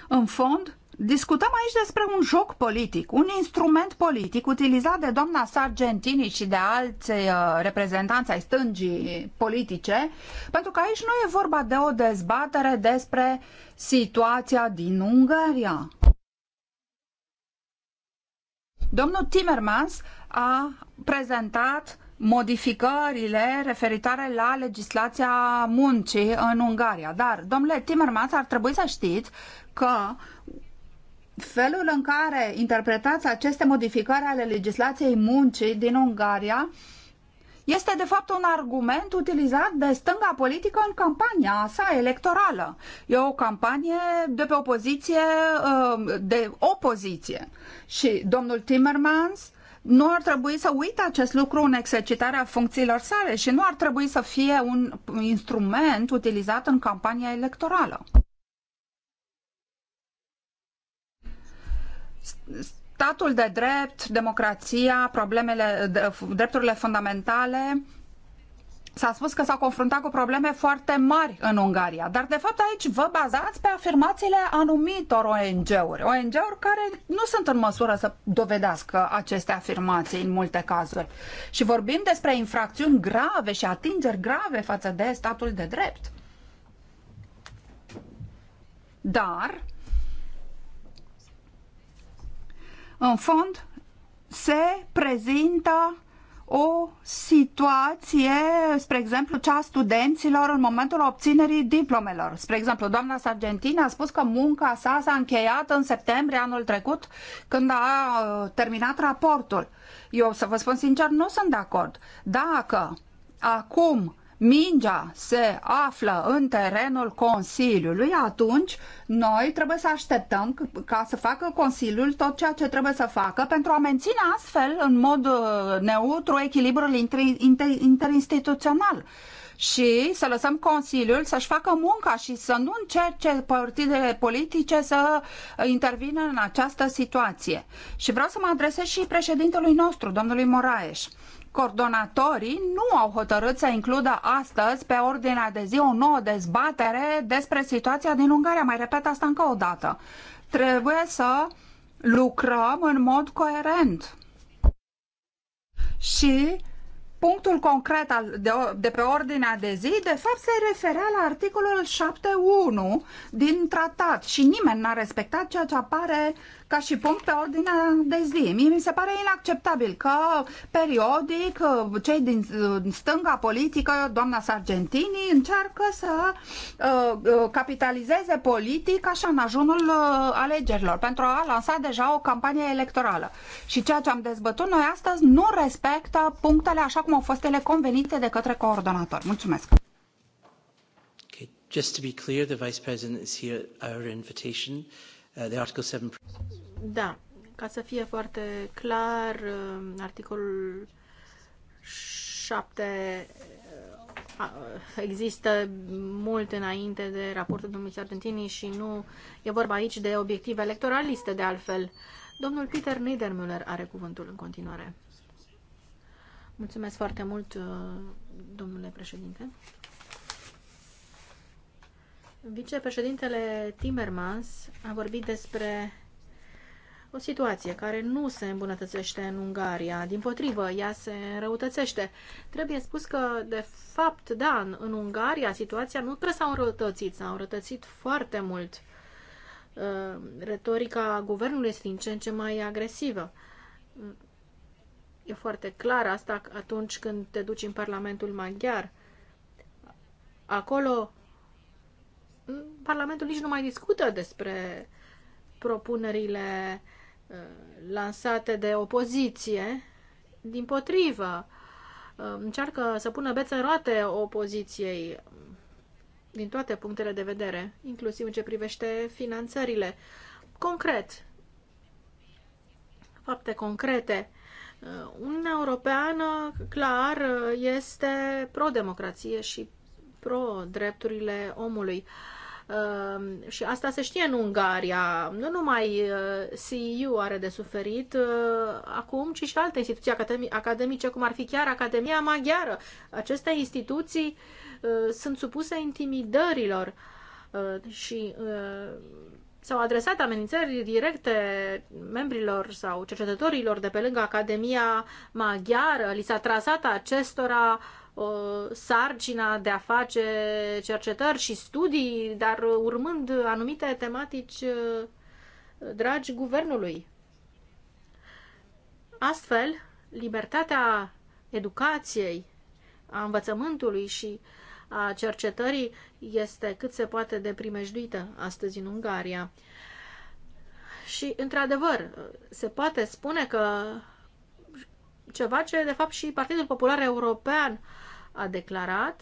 În fond, discutăm aici despre un joc politic, un instrument politic utilizat de doamna Sargentini și de alți uh, reprezentanți ai stângii politice, pentru că aici nu e vorba de o dezbatere despre situația din Ungaria. Domnul Timmermans a prezentat modificările referitoare la legislația muncii în Ungaria. Dar, domnule Timmermans, ar trebui să știți că felul în care interpretați aceste modificări ale legislației muncii din Ungaria este de fapt un argument utilizat de stânga politică în campania sa electorală. E o campanie de pe opoziție, uh, de opoziție. Și domnul Timmermans nu ar trebui să uită acest lucru în exercitarea funcțiilor sale și nu ar trebui să fie un instrument utilizat în campania electorală. Statul de drept, democrația, problemele, drepturile fundamentale S-a spus că s-a confruntat cu probleme foarte mari în Ungaria, dar de fapt aici vă bazați pe afirmațiile anumitor ONG-uri, ONG-uri care nu sunt în măsură să dovedească aceste afirmații în multe cazuri. Și vorbim despre infracțiuni grave și atingeri grave față de statul de drept. Dar, în fond, se prezintă o situație, spre exemplu, cea a studenților în momentul obținerii diplomelor. Spre exemplu, doamna Sargentini a spus că munca sa s-a încheiat în septembrie anul trecut, când a uh, terminat raportul. Eu, să vă spun sincer, nu sunt de acord. Dacă acum mingea se află în terenul Consiliului, atunci noi trebuie să așteptăm ca să facă Consiliul tot ceea ce trebuie să facă pentru a menține astfel, în mod uh, neutru, echilibrul inter, inter, interinstituțional și să lăsăm Consiliul să-și facă munca și să nu încerce partidele politice să uh, intervină în această situație. Și vreau să mă adresez și președintelui nostru, domnului Moraes coordonatorii nu au hotărât să includă astăzi pe ordinea de zi o nouă dezbatere despre situația din Ungaria. Mai repet asta încă o dată. Trebuie să lucrăm în mod coerent. Și punctul concret al, de, de pe ordinea de zi, de fapt, se referea la articolul 7.1 din tratat și nimeni n-a respectat ceea ce apare ca și punct pe ordinea de zi. Mie mi se pare inacceptabil că periodic uh, cei din uh, stânga politică, doamna Sargentini, încearcă să uh, uh capitalizeze politic așa în ajunul alegerilor pentru a lansa deja o campanie electorală. Și ceea ce am dezbătut noi astăzi nu respectă punctele așa cum au fost ele convenite de către coordonator. Mulțumesc! Just to be clear, the Vice President is here at our invitation. Uh, the Article 7... Da, ca să fie foarte clar, uh, articolul 7 uh, există mult înainte de raportul domnului Sargentini și nu e vorba aici de obiective electoraliste, de altfel. Domnul Peter Niedermüller are cuvântul în continuare. Mulțumesc foarte mult, domnule președinte. Vicepreședintele Timmermans a vorbit despre o situație care nu se îmbunătățește în Ungaria, din potrivă, ea se răutățește. Trebuie spus că, de fapt, da, în, Ungaria situația nu prea s-a înrăutățit, s-a înrăutățit foarte mult. Uh, retorica guvernului este din ce în ce mai agresivă. E foarte clar asta atunci când te duci în Parlamentul Maghiar. Acolo Parlamentul nici nu mai discută despre propunerile uh, lansate de opoziție. Din potrivă, uh, încearcă să pună bețe în roate opoziției um, din toate punctele de vedere, inclusiv în ce privește finanțările. Concret, fapte concrete, uh, Uniunea Europeană, clar, este pro-democrație și pro-drepturile omului. Ehm, și asta se știe în Ungaria. Nu numai eh, CEU are de suferit eh, acum, ci și alte instituții academice, cum ar fi chiar Academia Maghiară. Aceste instituții eh, sunt supuse intimidărilor și s-au adresat amenințări directe membrilor sau cercetătorilor de pe lângă Academia Maghiară, li s-a trasat acestora uh, sarcina de a face cercetări și studii, dar urmând anumite tematici dragi guvernului. Astfel, libertatea educației, a învățământului și a cercetării este cât se poate de primejduită astăzi în Ungaria. Și, într-adevăr, se poate spune că ceva ce, de fapt, și Partidul Popular European a declarat,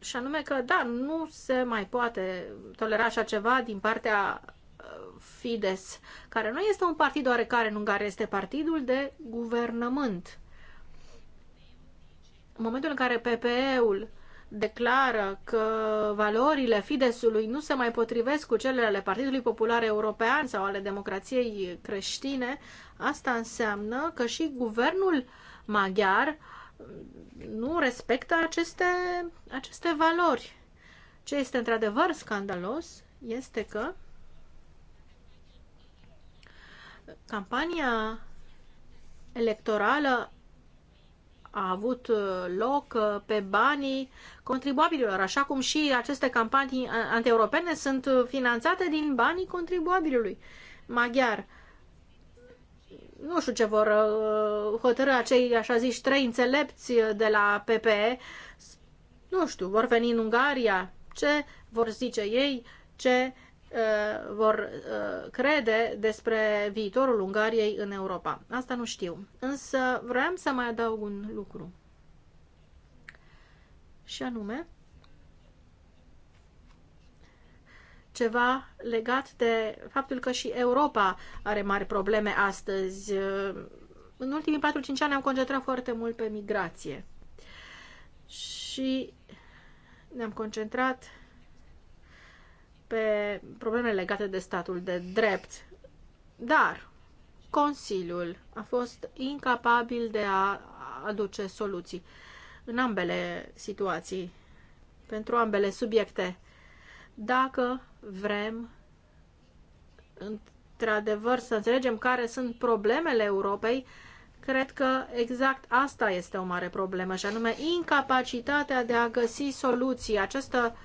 și anume că, da, nu se mai poate tolera așa ceva din partea uh, Fides, care nu este un partid oarecare în Ungaria, este partidul de guvernământ. În momentul în care PPE-ul declară că valorile Fidesului nu se mai potrivesc cu cele ale Partidului Popular European sau ale democrației creștine, asta înseamnă că și guvernul maghiar nu respectă aceste, aceste valori. Ce este într-adevăr scandalos este că campania electorală a avut uh, loc uh, pe banii contribuabililor, așa cum și aceste campanii antieuropene sunt uh, finanțate din banii contribuabilului maghiar. Nu știu ce vor hotărâ acei, așa zici, trei înțelepți de la PPE. Nu știu, vor veni în Ungaria, ce vor zice ei, ce uh, Uh, vor uh, crede despre viitorul Ungariei în Europa. Asta nu știu. Însă vreau să mai adaug un lucru. Și anume, ceva legat de faptul că și Europa are mari probleme astăzi. Uh, în ultimii 4-5 ani am concentrat foarte mult pe migrație. Și ne-am concentrat pe probleme legate de statul de drept. Dar Consiliul a fost incapabil de a aduce soluții în ambele situații, pentru ambele subiecte. Dacă vrem într-adevăr să înțelegem care sunt problemele Europei, cred că exact asta este o mare problemă, și anume incapacitatea de a găsi soluții. Această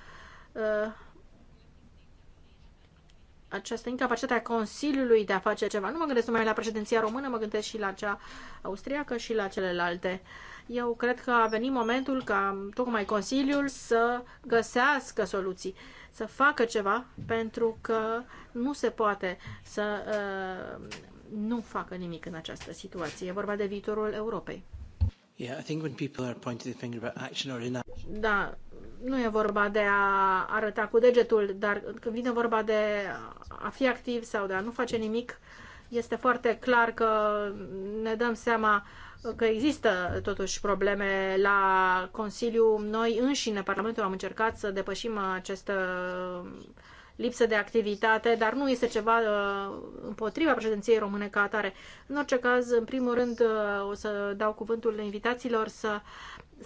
uh, această incapacitate a Consiliului de a face ceva. Nu mă gândesc numai la președinția română, mă gândesc și la cea austriacă și la celelalte. Eu cred că a venit momentul ca tocmai Consiliul să găsească soluții, să facă ceva, pentru că nu se poate să uh, nu facă nimic în această situație. E vorba de viitorul Europei. Da, nu e vorba de a arăta cu degetul, dar când vine vorba de a fi activ sau de a nu face nimic, este foarte clar că ne dăm seama că există totuși probleme la Consiliu. Noi înșine, Parlamentul, am încercat să depășim această lipsă de activitate, dar nu este ceva uh, împotriva președinției române ca atare. În orice caz, în primul rând, uh, o să dau cuvântul invitațiilor să,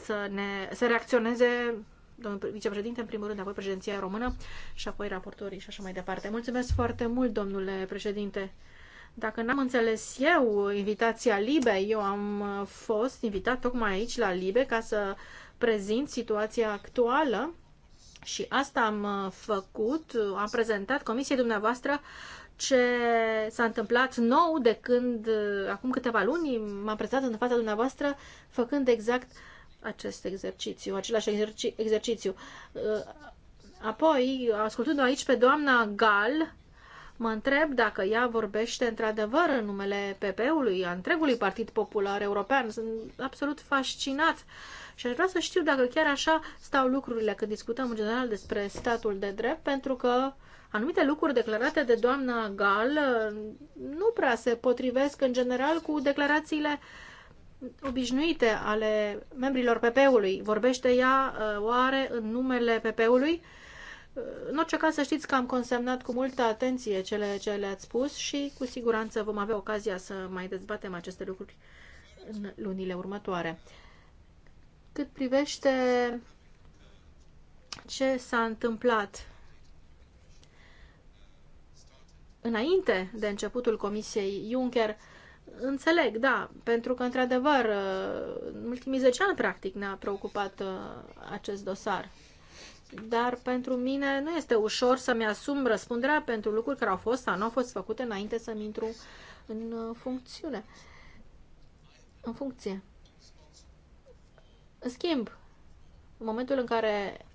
să, ne, să reacționeze domnul vicepreședinte, în primul rând, apoi președinția română și apoi raportorii și așa mai departe. Mulțumesc foarte mult, domnule președinte. Dacă n-am înțeles eu invitația Libe, eu am uh, fost invitat tocmai aici la Libe ca să prezint situația actuală și asta am uh, făcut, am prezentat comisiei dumneavoastră ce s-a întâmplat nou de când, uh, acum câteva luni, m-am prezentat în fața dumneavoastră făcând exact uh, acest exercițiu, același exerci- exercițiu. Uh, apoi, ascultându o aici pe doamna Gal, mă întreb dacă ea vorbește într-adevăr în numele PP-ului, a întregului Partid Popular European. Sunt absolut fascinat și aș vrea să știu dacă chiar așa stau lucrurile când discutăm în general despre statul de drept, pentru că anumite lucruri declarate de doamna Gal nu prea se potrivesc în general cu declarațiile uh, obișnuite ale membrilor PP-ului. Vorbește ea uh, oare în numele PP-ului? Uh, în orice caz să știți că am consemnat cu multă atenție cele ce le-ați spus și cu siguranță vom avea ocazia să mai dezbatem aceste lucruri în lunile următoare. Cât privește ce s-a întâmplat înainte de începutul Comisiei Juncker, Înțeleg, da, pentru că, într-adevăr, uh, în ultimii 10 ani, practic, ne-a preocupat uh, acest dosar. Dar pentru mine nu este ușor să-mi asum răspunderea pentru lucruri care au fost sau nu au fost făcute înainte să-mi intru în uh, funcțiune. În funcție. În schimb, în momentul în care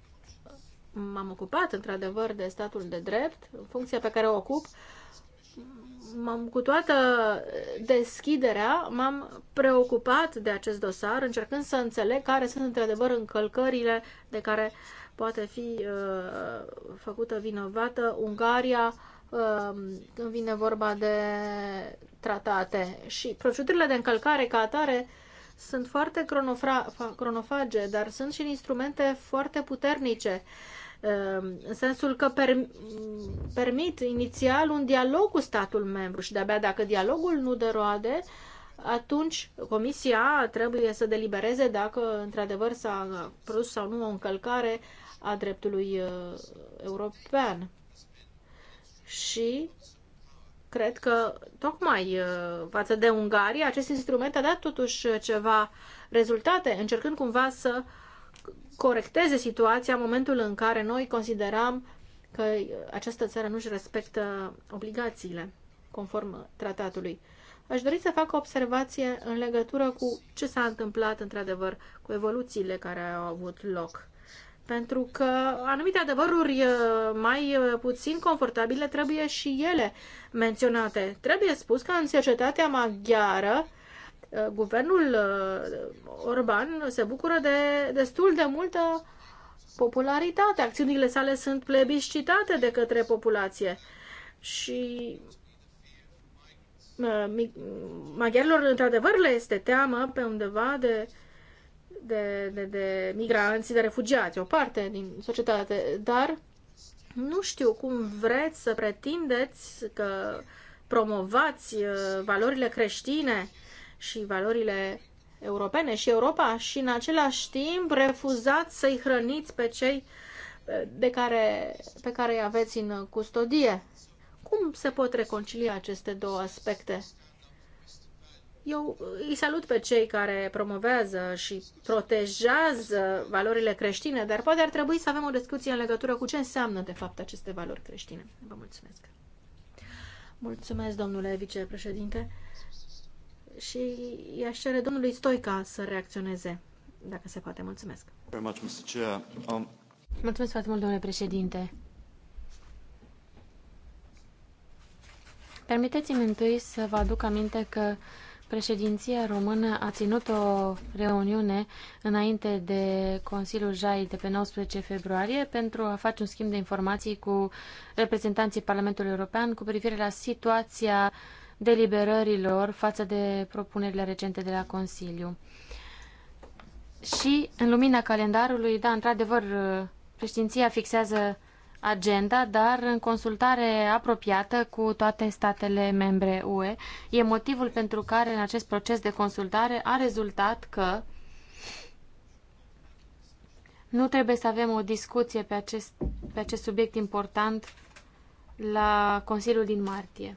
m-am ocupat, într-adevăr, de statul de drept, funcția pe care o ocup, m-am, cu toată deschiderea, m-am preocupat de acest dosar, încercând să înțeleg care sunt într-adevăr încălcările de care poate fi uh, făcută vinovată Ungaria uh, când vine vorba de tratate. Și procedurile de încălcare ca atare sunt foarte cronofage, dar sunt și instrumente foarte puternice. Uh, Ehm, în sensul că permit inițial un dialog cu statul membru și de-abia dacă dialogul nu dă roade, atunci Comisia trebuie să delibereze dacă într-adevăr s-a produs sau nu o încălcare a dreptului uh, european. Și cred că tocmai uh, față de Ungaria acest instrument a dat totuși ceva rezultate, încercând cumva să uh, corecteze situația în momentul în care noi considerăm că această țară nu-și respectă obligațiile conform tratatului. Aș dori să fac o observație în legătură cu ce s-a întâmplat într-adevăr, cu evoluțiile care au avut loc. Pentru că anumite adevăruri uh, mai uh, puțin confortabile trebuie și ele menționate. Trebuie spus că în societatea maghiară Eh, guvernul eh, Orban se bucură de destul de multă popularitate. Acțiunile sale sunt plebiscitate de către populație. Și eh, maghiarilor, într-adevăr, le este teamă pe undeva de, de, de, de migranți, de refugiați, o parte din societate, dar nu știu cum vreți să pretindeți că promovați valorile creștine și valorile europene și Europa și în același timp refuzați să-i hrăniți pe cei eh, de care, pe care îi aveți în custodie. Cum se pot reconcilia aceste două aspecte? Eu îi salut pe cei care promovează și protejează valorile creștine, dar poate ar trebui să avem o discuție în legătură cu ce înseamnă de fapt aceste valori creștine. Vă mulțumesc. Mulțumesc, domnule vicepreședinte și i-aș cere domnului Stoica să reacționeze, dacă se poate. Mulțumesc. Um, Mulțumesc foarte mult, domnule președinte. Permiteți-mi întâi să vă aduc aminte că președinția română a ținut o reuniune înainte de Consiliul JAI de pe 19 februarie pentru a face un schimb de informații cu reprezentanții Parlamentului European cu privire la situația uh, deliberărilor față de propunerile recente de la Consiliu. Și în lumina calendarului, da, într-adevăr, președinția fixează agenda, dar în consultare apropiată cu toate statele membre UE. E motivul pentru care în acest proces de consultare a rezultat că nu trebuie să avem o discuție pe acest, pe acest subiect important la Consiliul din martie.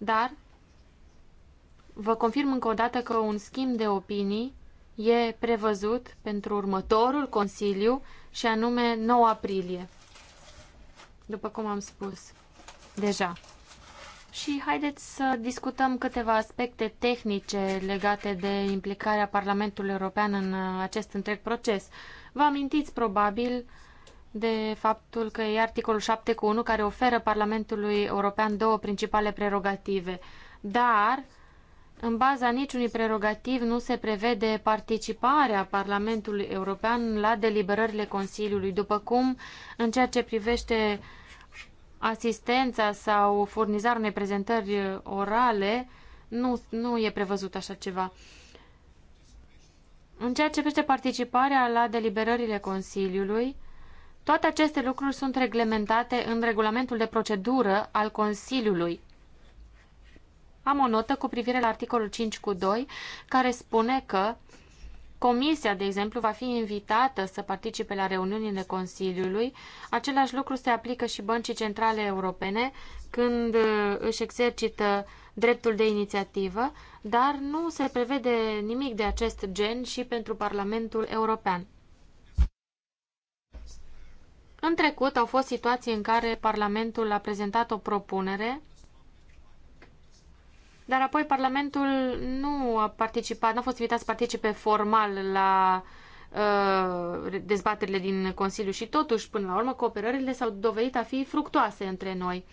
Dar vă confirm încă o dată că un schimb de opinii e prevăzut pentru următorul Consiliu și anume 9 aprilie, după cum am spus deja. Și haideți să discutăm câteva aspecte tehnice legate de implicarea Parlamentului European în acest întreg proces. Vă amintiți probabil uh, de faptul că e articolul 7 cu 1 care oferă Parlamentului European două principale prerogative. Dar, în baza niciunui prerogativ, nu se prevede participarea Parlamentului European la deliberările Consiliului, după cum, în ceea ce privește asistența sau furnizarea unei prezentări orale, nu, nu e prevăzut așa ceva. În ceea ce privește participarea la deliberările Consiliului, toate aceste lucruri sunt reglementate în regulamentul de procedură al Consiliului. Am o notă cu privire la articolul 5 cu 2, care spune că Comisia, de exemplu, va fi invitată să participe la reuniunile Consiliului. Același lucru se aplică și băncii centrale europene când uh, își exercită dreptul de inițiativă, dar nu se prevede nimic de acest gen și pentru Parlamentul European. În trecut au fost situații în care Parlamentul a prezentat o propunere, dar apoi Parlamentul nu a participat, nu a fost invitat să participe formal la uh, dezbaterile din Consiliu și totuși, până la urmă, cooperările s-au dovedit a fi fructoase între noi.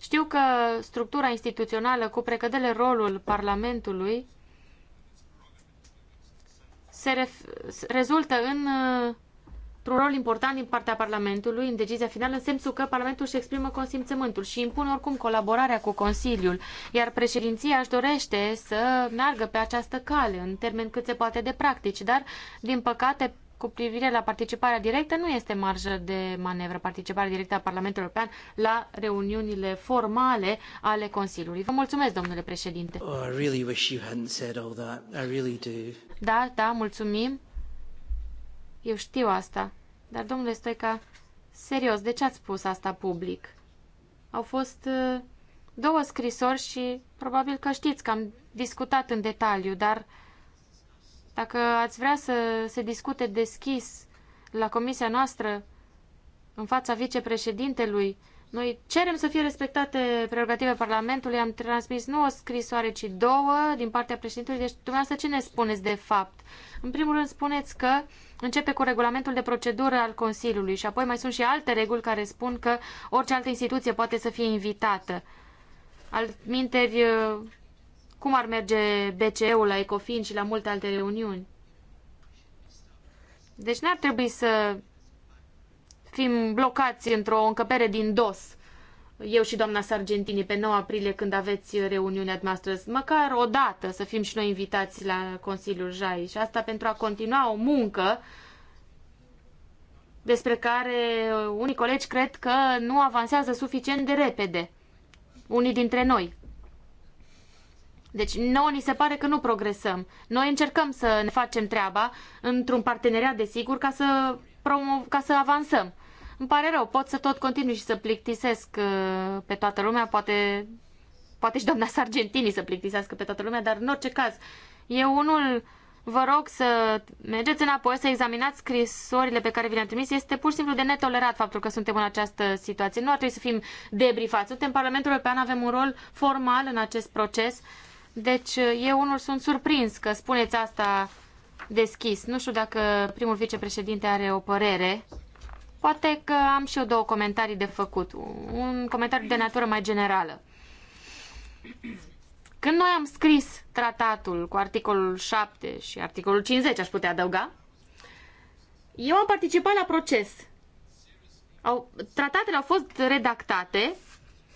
Știu că structura instituțională cu precădele rolul Parlamentului se ref- rezultă în uh, un rol important din partea Parlamentului în decizia finală, în sensul că Parlamentul își exprimă consimțământul și impune oricum colaborarea cu Consiliul, iar președinția își dorește să meargă pe această cale, în termen cât se poate de practici, dar, din păcate, cu privire la participarea directă, nu este marjă de manevră participarea directă a Parlamentului European la reuniunile formale ale Consiliului. Vă mulțumesc, domnule președinte. Oh, really really do. Da, da, mulțumim. Eu știu asta. Dar, domnule Stoica, serios, de ce ați spus asta public? Au fost uh, două scrisori și probabil că știți că am discutat în detaliu, dar dacă ați vrea să se discute deschis la comisia noastră, în fața vicepreședintelui, noi cerem să fie respectate prerogative Parlamentului. Am transmis nu o scrisoare, ci două din partea președintelui. Deci, dumneavoastră, ce ne spuneți de fapt? În primul rând, spuneți că începe cu regulamentul de procedură al Consiliului și apoi mai sunt și alte reguli care spun că orice altă instituție poate să fie invitată. Altminteri, uh, cum ar merge BCE-ul la Ecofin și la multe alte reuniuni? Deci n-ar trebui să fim blocați într-o încăpere din dos, eu și doamna Sargentini, pe 9 aprilie, când aveți reuniunea noastră, măcar o dată să fim și noi invitați la Consiliul Jai și asta pentru a continua o muncă despre care unii colegi cred că nu avansează suficient de repede, unii dintre noi. Deci nouă ni se pare că nu progresăm. Noi încercăm să ne facem treaba într-un parteneriat, desigur, ca să, promo- ca să avansăm. Îmi pare rău, pot să tot continui și să plictisesc uh, pe toată lumea, poate, poate și doamna Sargentini să plictisească pe toată lumea, dar în orice caz, eu unul vă rog să mergeți înapoi, să examinați scrisorile pe care vi le-am trimis. Este pur și simplu de netolerat faptul că suntem în această situație. Nu ar trebui să fim debrifați. Suntem în Parlamentul European, avem un rol formal în acest proces. Deci uh, eu unul sunt surprins că spuneți asta deschis. Nu știu dacă primul vicepreședinte are o părere. Poate că am și eu două comentarii de făcut. Un comentariu de natură mai generală. Când noi am scris tratatul cu articolul 7 și articolul 50, aș putea adăuga, eu am participat la proces. Au, tratatele au fost redactate,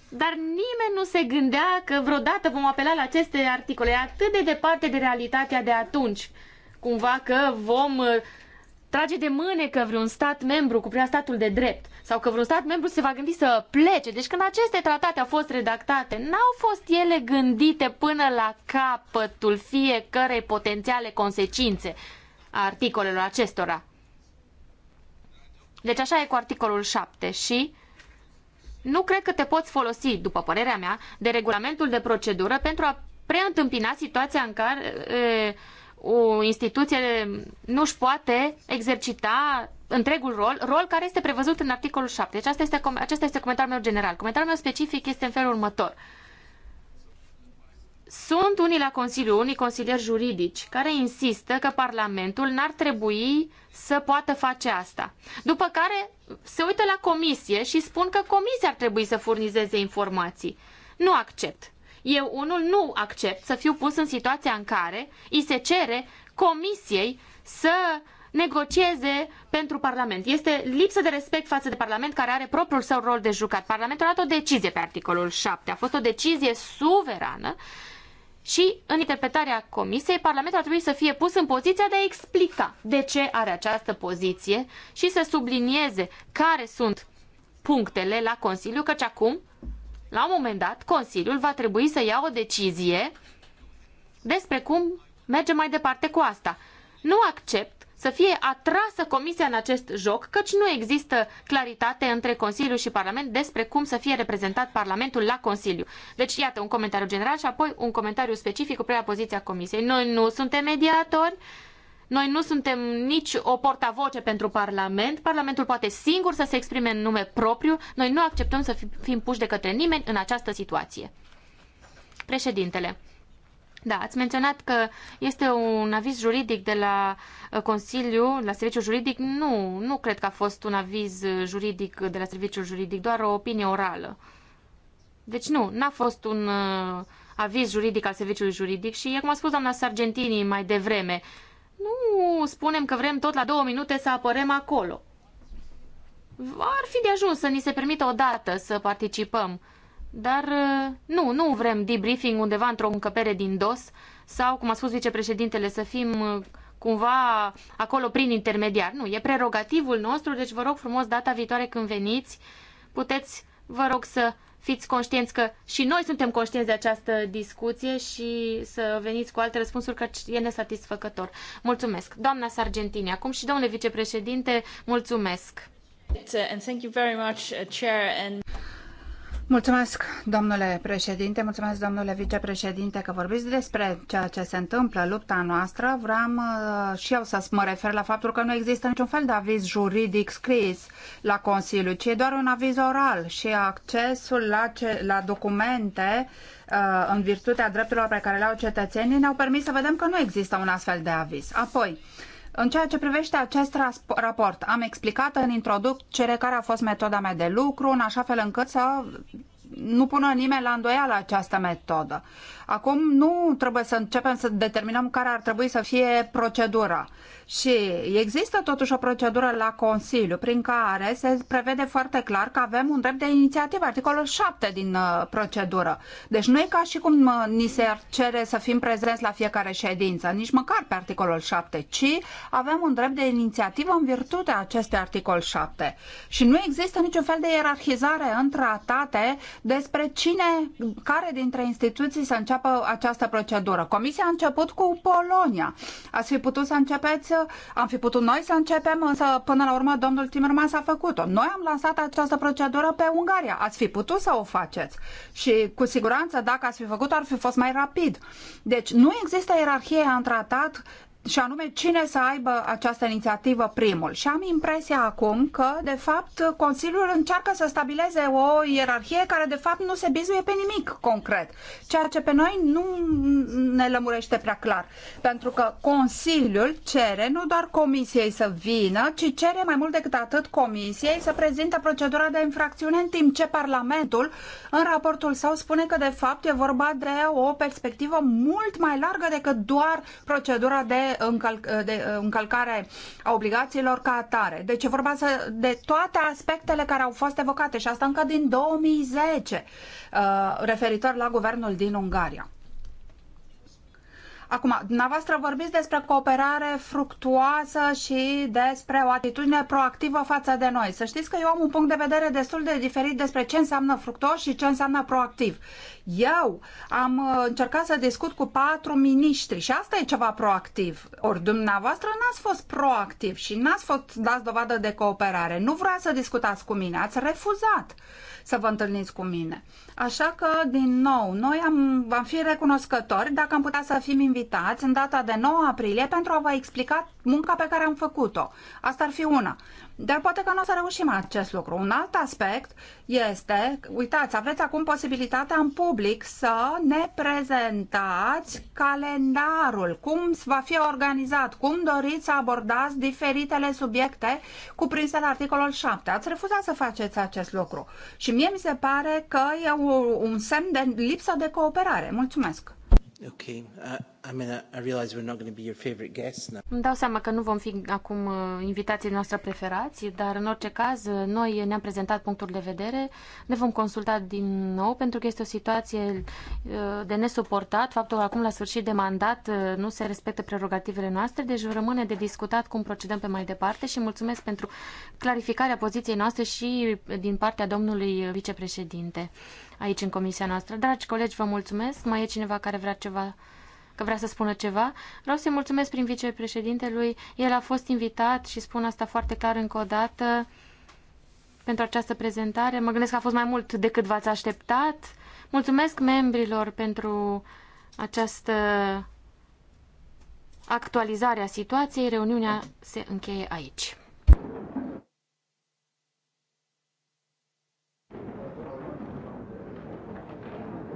dar nimeni nu se gândea că vreodată vom apela la aceste articole. E atât de departe de realitatea de atunci, cumva că vom trage de mânecă vreun stat membru cu prea statul de drept sau că vreun stat membru se va gândi să plece. Deci când aceste tratate au fost redactate, n-au fost ele gândite până la capătul fiecărei potențiale consecințe a articolelor acestora. Deci așa e cu articolul 7 și nu cred că te poți folosi, după părerea mea, de regulamentul de procedură pentru a preîntâmpina situația în care o instituție nu își poate exercita întregul rol, rol care este prevăzut în articolul 7. Deci asta este, acesta este comentariul meu general. Comentariul meu specific este în felul următor. Sunt unii la Consiliu, unii consilieri juridici, care insistă că Parlamentul n-ar trebui să poată face asta. După care se uită la comisie și spun că comisia ar trebui să furnizeze informații. Nu accept. Eu unul nu accept să fiu pus în situația în care îi se cere comisiei să negocieze pentru Parlament. Este lipsă de respect față de Parlament care are propriul său rol de jucat. Parlamentul a luat o decizie pe articolul 7. A fost o decizie suverană și în interpretarea comisiei, Parlamentul ar trebui să fie pus în poziția de a explica de ce are această poziție și să sublinieze care sunt punctele la Consiliu, căci acum la un moment dat, Consiliul va trebui să ia o decizie despre cum merge mai departe cu asta. Nu accept să fie atrasă Comisia în acest joc, căci nu există claritate între Consiliu și Parlament despre cum să fie reprezentat Parlamentul la Consiliu. Deci, iată, un comentariu general și apoi un comentariu specific cu prea poziția Comisiei. Noi nu suntem mediatori, noi nu suntem nici o portavoce pentru Parlament. Parlamentul poate singur să se exprime în nume propriu. Noi nu acceptăm să fim puși de către nimeni în această situație. Președintele. Da, ați menționat că este un aviz juridic de la uh, Consiliu, la Serviciul Juridic. Nu, nu cred că a fost un aviz juridic de la Serviciul Juridic, doar o opinie orală. Deci nu, n-a fost un uh, aviz juridic al Serviciului Juridic și, cum a spus doamna Sargentini mai devreme, nu spunem că vrem tot la două minute să apărăm acolo. Ar fi de ajuns să ni se permită odată să participăm. Dar uh, nu, nu vrem debriefing undeva într-o încăpere din dos sau, cum a spus vicepreședintele, să fim uh, cumva acolo prin intermediar. Nu, e prerogativul nostru, deci vă rog frumos data viitoare când veniți, puteți, vă rog să fiți conștienți că și noi suntem conștienți de această discuție și să veniți cu alte răspunsuri că e nesatisfăcător. Mulțumesc. Doamna Sargentini, acum și domnule vicepreședinte, mulțumesc. And thank you very much, uh, Chair. And... Mulțumesc, domnule președinte, mulțumesc, domnule vicepreședinte, că vorbiți despre ceea ce se întâmplă, lupta noastră. Vreau uh, și eu să mă refer la faptul că nu există niciun fel de aviz juridic scris la Consiliu, ci e doar un aviz oral și accesul la, ce, la documente uh, în virtutea drepturilor pe care le au cetățenii ne-au permis să vedem că nu există un astfel de aviz. Apoi, în ceea ce privește acest raport, am explicat în introducere care a fost metoda mea de lucru, în așa fel încât să nu pună nimeni la îndoială această metodă. Acum nu trebuie să începem să determinăm care ar trebui să fie procedura. Și există totuși o procedură la Consiliu prin care se prevede foarte clar că avem un drept de inițiativă, articolul 7 din uh, procedură. Deci nu e ca și cum uh, ni se cere să fim prezenți la fiecare ședință, nici măcar pe articolul 7, ci avem un drept de inițiativă în virtutea acestui articol 7. Și nu există niciun fel de ierarhizare în tratate despre cine, care dintre instituții să înceapă înceapă această procedură. Comisia a început cu Polonia. Ați fi putut să începeți, am fi putut noi să începem, însă până la urmă domnul Timmermans a făcut-o. Noi am lansat această procedură pe Ungaria. Ați fi putut să o faceți. Și cu siguranță, dacă ați fi făcut-o, ar fi fost mai rapid. Deci nu există ierarhie în tratat și anume cine să aibă această inițiativă primul. Și am impresia acum că, de fapt, Consiliul încearcă să stabileze o ierarhie care, de fapt, nu se bizuie pe nimic concret, ceea ce pe noi nu ne lămurește prea clar. Pentru că Consiliul cere nu doar Comisiei să vină, ci cere mai mult decât atât Comisiei să prezinte procedura de infracțiune, în timp ce Parlamentul, în raportul său, spune că, de fapt, e vorba de o perspectivă mult mai largă decât doar procedura de încăl- de uh, încălcare a obligațiilor ca atare. Deci e vorba să, de toate aspectele care au fost evocate și asta încă din 2010 uh, referitor la guvernul din Ungaria. Acum, dumneavoastră vorbiți despre cooperare fructuoasă și despre o atitudine proactivă față de noi. Să știți că eu am un punct de vedere destul de diferit despre ce înseamnă fructuos și ce înseamnă proactiv. Eu am uh, încercat să discut cu patru miniștri și asta e ceva proactiv. Ori dumneavoastră n-ați fost proactiv și n-ați fost dați dovadă de cooperare. Nu vrea să discutați cu mine, ați refuzat să vă întâlniți cu mine. Așa că, din nou, noi am, vom fi recunoscători dacă am putea să fim invitați în data de 9 aprilie pentru a vă explica munca pe care am făcut-o. Asta ar fi una. Dar poate că nu o să reușim acest lucru. Un alt aspect este, uitați, aveți acum posibilitatea în public să ne prezentați calendarul, cum va fi organizat, cum doriți să abordați diferitele subiecte cuprinse la articolul 7. Ați refuzat să faceți acest lucru. Și mie mi se pare că e un semn de lipsă de cooperare. Mulțumesc! Îmi dau seama că nu vom fi acum uh, invitații noastre preferați, dar în orice caz, uh, noi ne-am prezentat punctul de vedere, ne vom consulta din nou, pentru că este o situație uh, de nesuportat, faptul că acum la sfârșit de mandat nu se respectă prerogativele noastre, deci rămâne de discutat cum procedăm pe mai departe și mulțumesc pentru clarificarea poziției noastre și din partea domnului vicepreședinte aici în comisia noastră. Dragi colegi, vă mulțumesc. Mai e cineva care vrea ceva că vrea să spună ceva. Vreau să-i mulțumesc prin vicepreședintelui. El a fost invitat și spun asta foarte clar încă o dată pentru această prezentare. Mă gândesc că a fost mai mult decât v-ați așteptat. Mulțumesc membrilor pentru această actualizare a situației. Reuniunea se încheie aici.